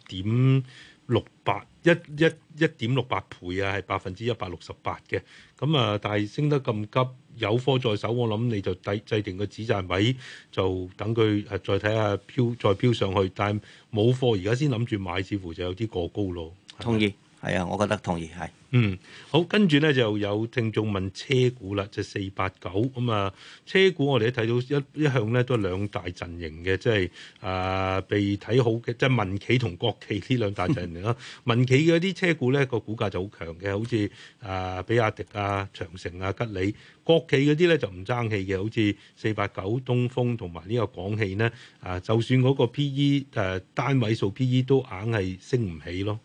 點六八一一一點六八倍啊，係百分之一百六十八嘅。咁啊，但係升得咁急。有貨在手，我諗你就制制定個止賺位，就等佢誒再睇下飄再飄上去。但係冇貨，而家先諗住買，似乎就有啲過高咯。同意，係啊吧，我覺得同意係。嗯，好，跟住咧就有聽眾問車股啦，即係四八九咁啊。車股我哋都睇到一一向咧都係兩大陣營嘅，即係啊被睇好嘅，即、就、係、是、民企同國企呢兩大陣營咯。 (laughs) 民企嗰啲車股咧個股價就好強嘅，好似啊、呃、比亞迪啊、長城啊、吉利。國企嗰啲咧就唔爭氣嘅，好似四八九、東風同埋呢個廣汽咧啊，就算嗰個 P E 誒、呃、單位數 P E 都硬係升唔起咯。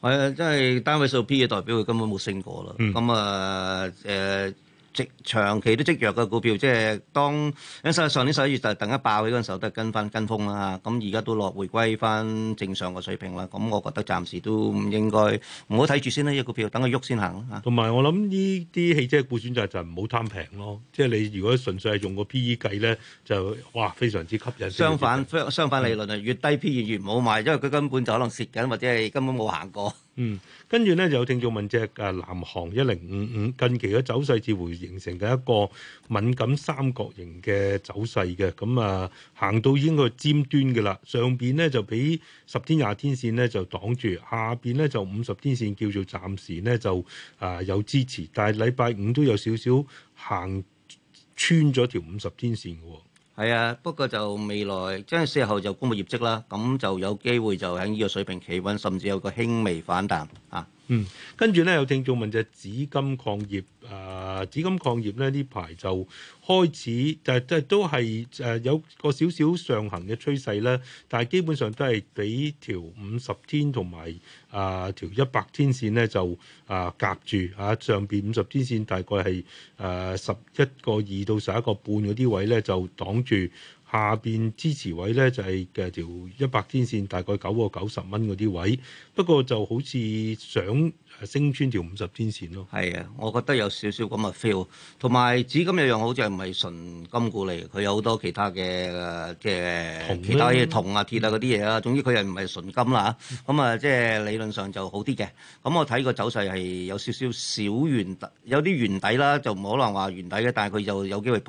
係啊，即係單位數 P 嘅代表，佢根本冇升過啦。咁、嗯、啊，誒。 (noise) 長期都積弱嘅股票，即係當喺上年十一月就等一爆嗰陣時候，都係跟翻跟風啦。咁而家都落回歸翻正常嘅水平啦。咁我覺得暫時都唔應該，唔好睇住先啦，一個股票等佢喐先行。同埋我諗呢啲汽車股選擇就係唔好貪平咯。即係你如果純粹係用個 P E 計咧，就哇非常之吸引。相反，相相反理論啊，越低 PE 越越唔好買，因為佢根本就可能蝕緊，或者係根本冇行過。嗯，跟住咧就有聽眾問隻誒、啊、南航一零五五近期嘅走勢，似乎形成嘅一個敏感三角形嘅走勢嘅，咁、嗯、啊行到已經個尖端㗎喇，上邊咧就俾十天廿天線咧就擋住，下邊咧就五十天線叫做暫時咧就啊有支持，但係禮拜五都有少少行穿咗條五十天線嘅、哦。係啊，不過就未來將四日後就公布業績啦，咁就有機會就喺呢個水平企穩，甚至有個輕微反彈。嗯，跟住咧有聽眾問就紫金礦業，啊、呃，紫金礦業咧呢排就開始，就即係都係誒、呃、有個少少上行嘅趨勢咧，但係基本上都係俾條五十天同埋啊條一百天線咧就、呃、夾啊夾住啊，上邊五十天線大概係誒十一個二到十一個半嗰啲位咧就擋住。下邊支持位咧就係、是、嘅條一百天線，大概九個九十蚊嗰啲位。不過就好似想升穿條五十天線咯。係啊，我覺得有少少咁嘅 feel。同埋紫金一樣，好似係唔係純金股嚟？佢有好多其他嘅即係其他嘢，銅啊、鐵啊嗰啲嘢啊。總之佢又唔係純金啦。咁啊，即係理論上就好啲嘅。咁我睇個走勢係有少少小圓，有啲圓底啦，就唔可能話圓底嘅。但係佢就有機會。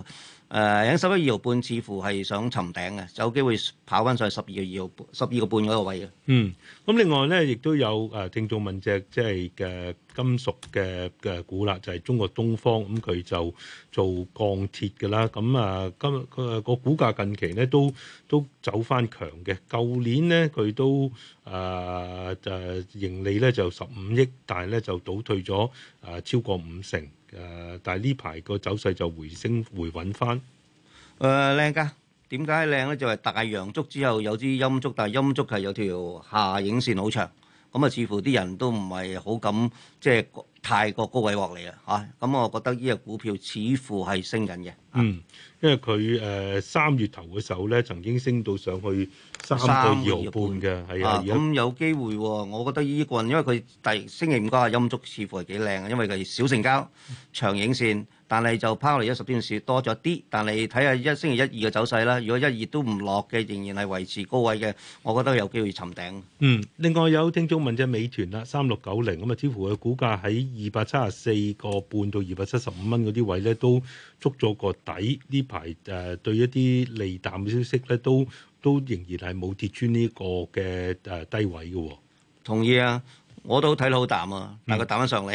誒，喺十一二號半似乎係想沉頂嘅，有機會跑翻上十二月二號十二個半嗰個位嘅。嗯，咁另外咧，亦都有誒，聽眾問隻即係嘅金屬嘅嘅股啦，就係中國東方咁，佢就做鋼鐵嘅啦。咁、嗯、啊，今日個股價近期咧都都走翻強嘅。舊年咧，佢都誒誒、呃、盈利咧就十五億，但係咧就倒退咗誒超過五成。誒，但係呢排個走勢就回升回穩返。誒靚㗎，點解靚咧？就係、是、大陽燭之後有支陰燭，但係陰燭係有條下影線好長，咁啊，似乎啲人都唔係好敢即係。太過高位獲利啦嚇，咁我覺得呢隻股票似乎係升緊嘅。嗯，因為佢誒三月頭嘅時候咧，曾經升到上去三個月半嘅，係啊，而家咁有機會喎、哦。我覺得呢個因為佢第星期五嗰陰燭，似乎係幾靚嘅，因為佢小成交、長影線。但係就拋嚟一十點事多咗啲，但係睇下一星期一二嘅走勢啦。如果一二都唔落嘅，仍然係維持高位嘅，我覺得有機會沉頂。嗯，另外有聽眾問隻美團啦，三六九零咁啊，似乎佢股價喺二百七十四個半到二百七十五蚊嗰啲位咧，都捉咗個底。呢排誒對一啲利淡消息咧，都都仍然係冇跌穿呢個嘅誒低位嘅。同意啊。我都睇到好淡啊，但係佢彈翻上嚟，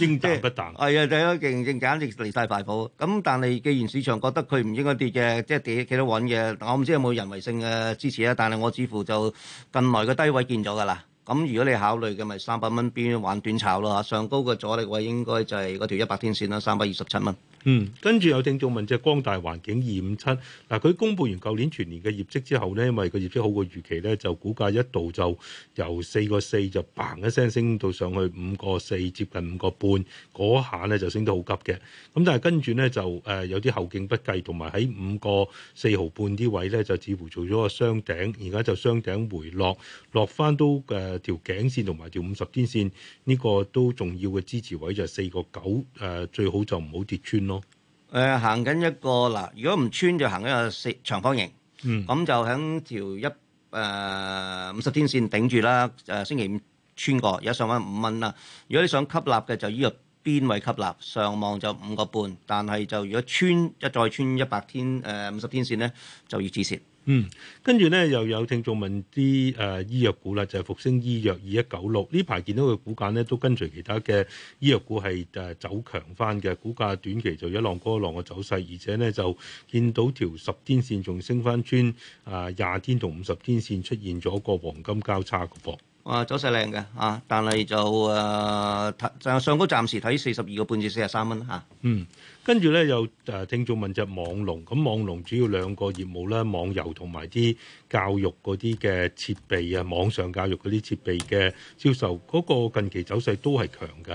應、嗯、 (laughs) 淡不淡？係啊、 (laughs) 嗯，睇到勁正，簡直離晒大譜。咁但係既然市場覺得佢唔應該跌嘅，即係跌幾多穩嘅，我唔知有冇人為性嘅支持啊。但係我似乎就近來個低位見咗㗎啦。咁如果你考慮嘅咪三百蚊邊玩短炒咯。上高嘅阻力位應該就係嗰條一百天線啦，三百二十七蚊。嗯，跟住有聽眾問隻光大環境二五七，嗱佢公布完舊年全年嘅業績之後咧，因為個業績好過預期咧，就股價一度就由四個四就嘭一聲升到上去五個四，接近五個半，嗰下咧就升得好急嘅。咁、嗯、但係跟住咧就誒、呃、有啲後勁不繼，同埋喺五個四毫半啲位咧就似乎做咗個雙頂，而家就雙頂回落，落翻都誒、呃、條頸線同埋條五十天線呢、呢個都重要嘅支持位就係四個九誒，最好就唔好跌穿誒行緊一個嗱，如果唔穿就行緊一個四長方形，咁、嗯、就喺條一誒五十天線頂住啦。誒、呃、星期五穿過，而家上翻五蚊啦。如果你想吸納嘅，就呢個邊位吸納，上望就五個半，但係就如果穿一再穿一百天誒五十天線咧，就要止蝕。嗯，跟住咧又有聽眾問啲誒、呃、醫藥股啦，就係、是、復星醫藥二一九六呢排見到嘅股價咧都跟隨其他嘅醫藥股係誒走強翻嘅，股價短期就一浪過一浪嘅走勢，而且咧就見到條十天線仲升翻穿啊廿、呃、天同五十天線出現咗個黃金交叉個噃。啊，走勢靚嘅嚇，但係就誒睇就上高暫時睇四十二個半至四十三蚊嚇。啊、嗯，跟住咧又誒，聽眾問隻網龍，咁網龍主要兩個業務咧、啊，網遊同埋啲教育嗰啲嘅設備啊，網上教育嗰啲設備嘅銷售，嗰、那個近期走勢都係強㗎。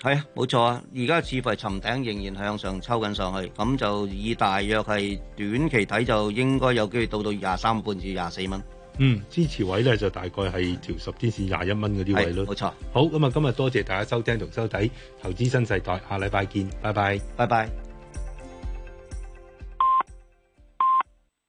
係啊、哎，冇錯啊，而家似乎係沉頂，仍然向上抽緊上去，咁就以大約係短期睇就應該有機會到到廿三半至廿四蚊。嗯，支持位咧就大概係條十天線廿一蚊嗰啲位咯。係，冇錯。好，咁啊，今日多謝大家收聽同收睇《投資新世代》，下禮拜見，拜拜，拜拜。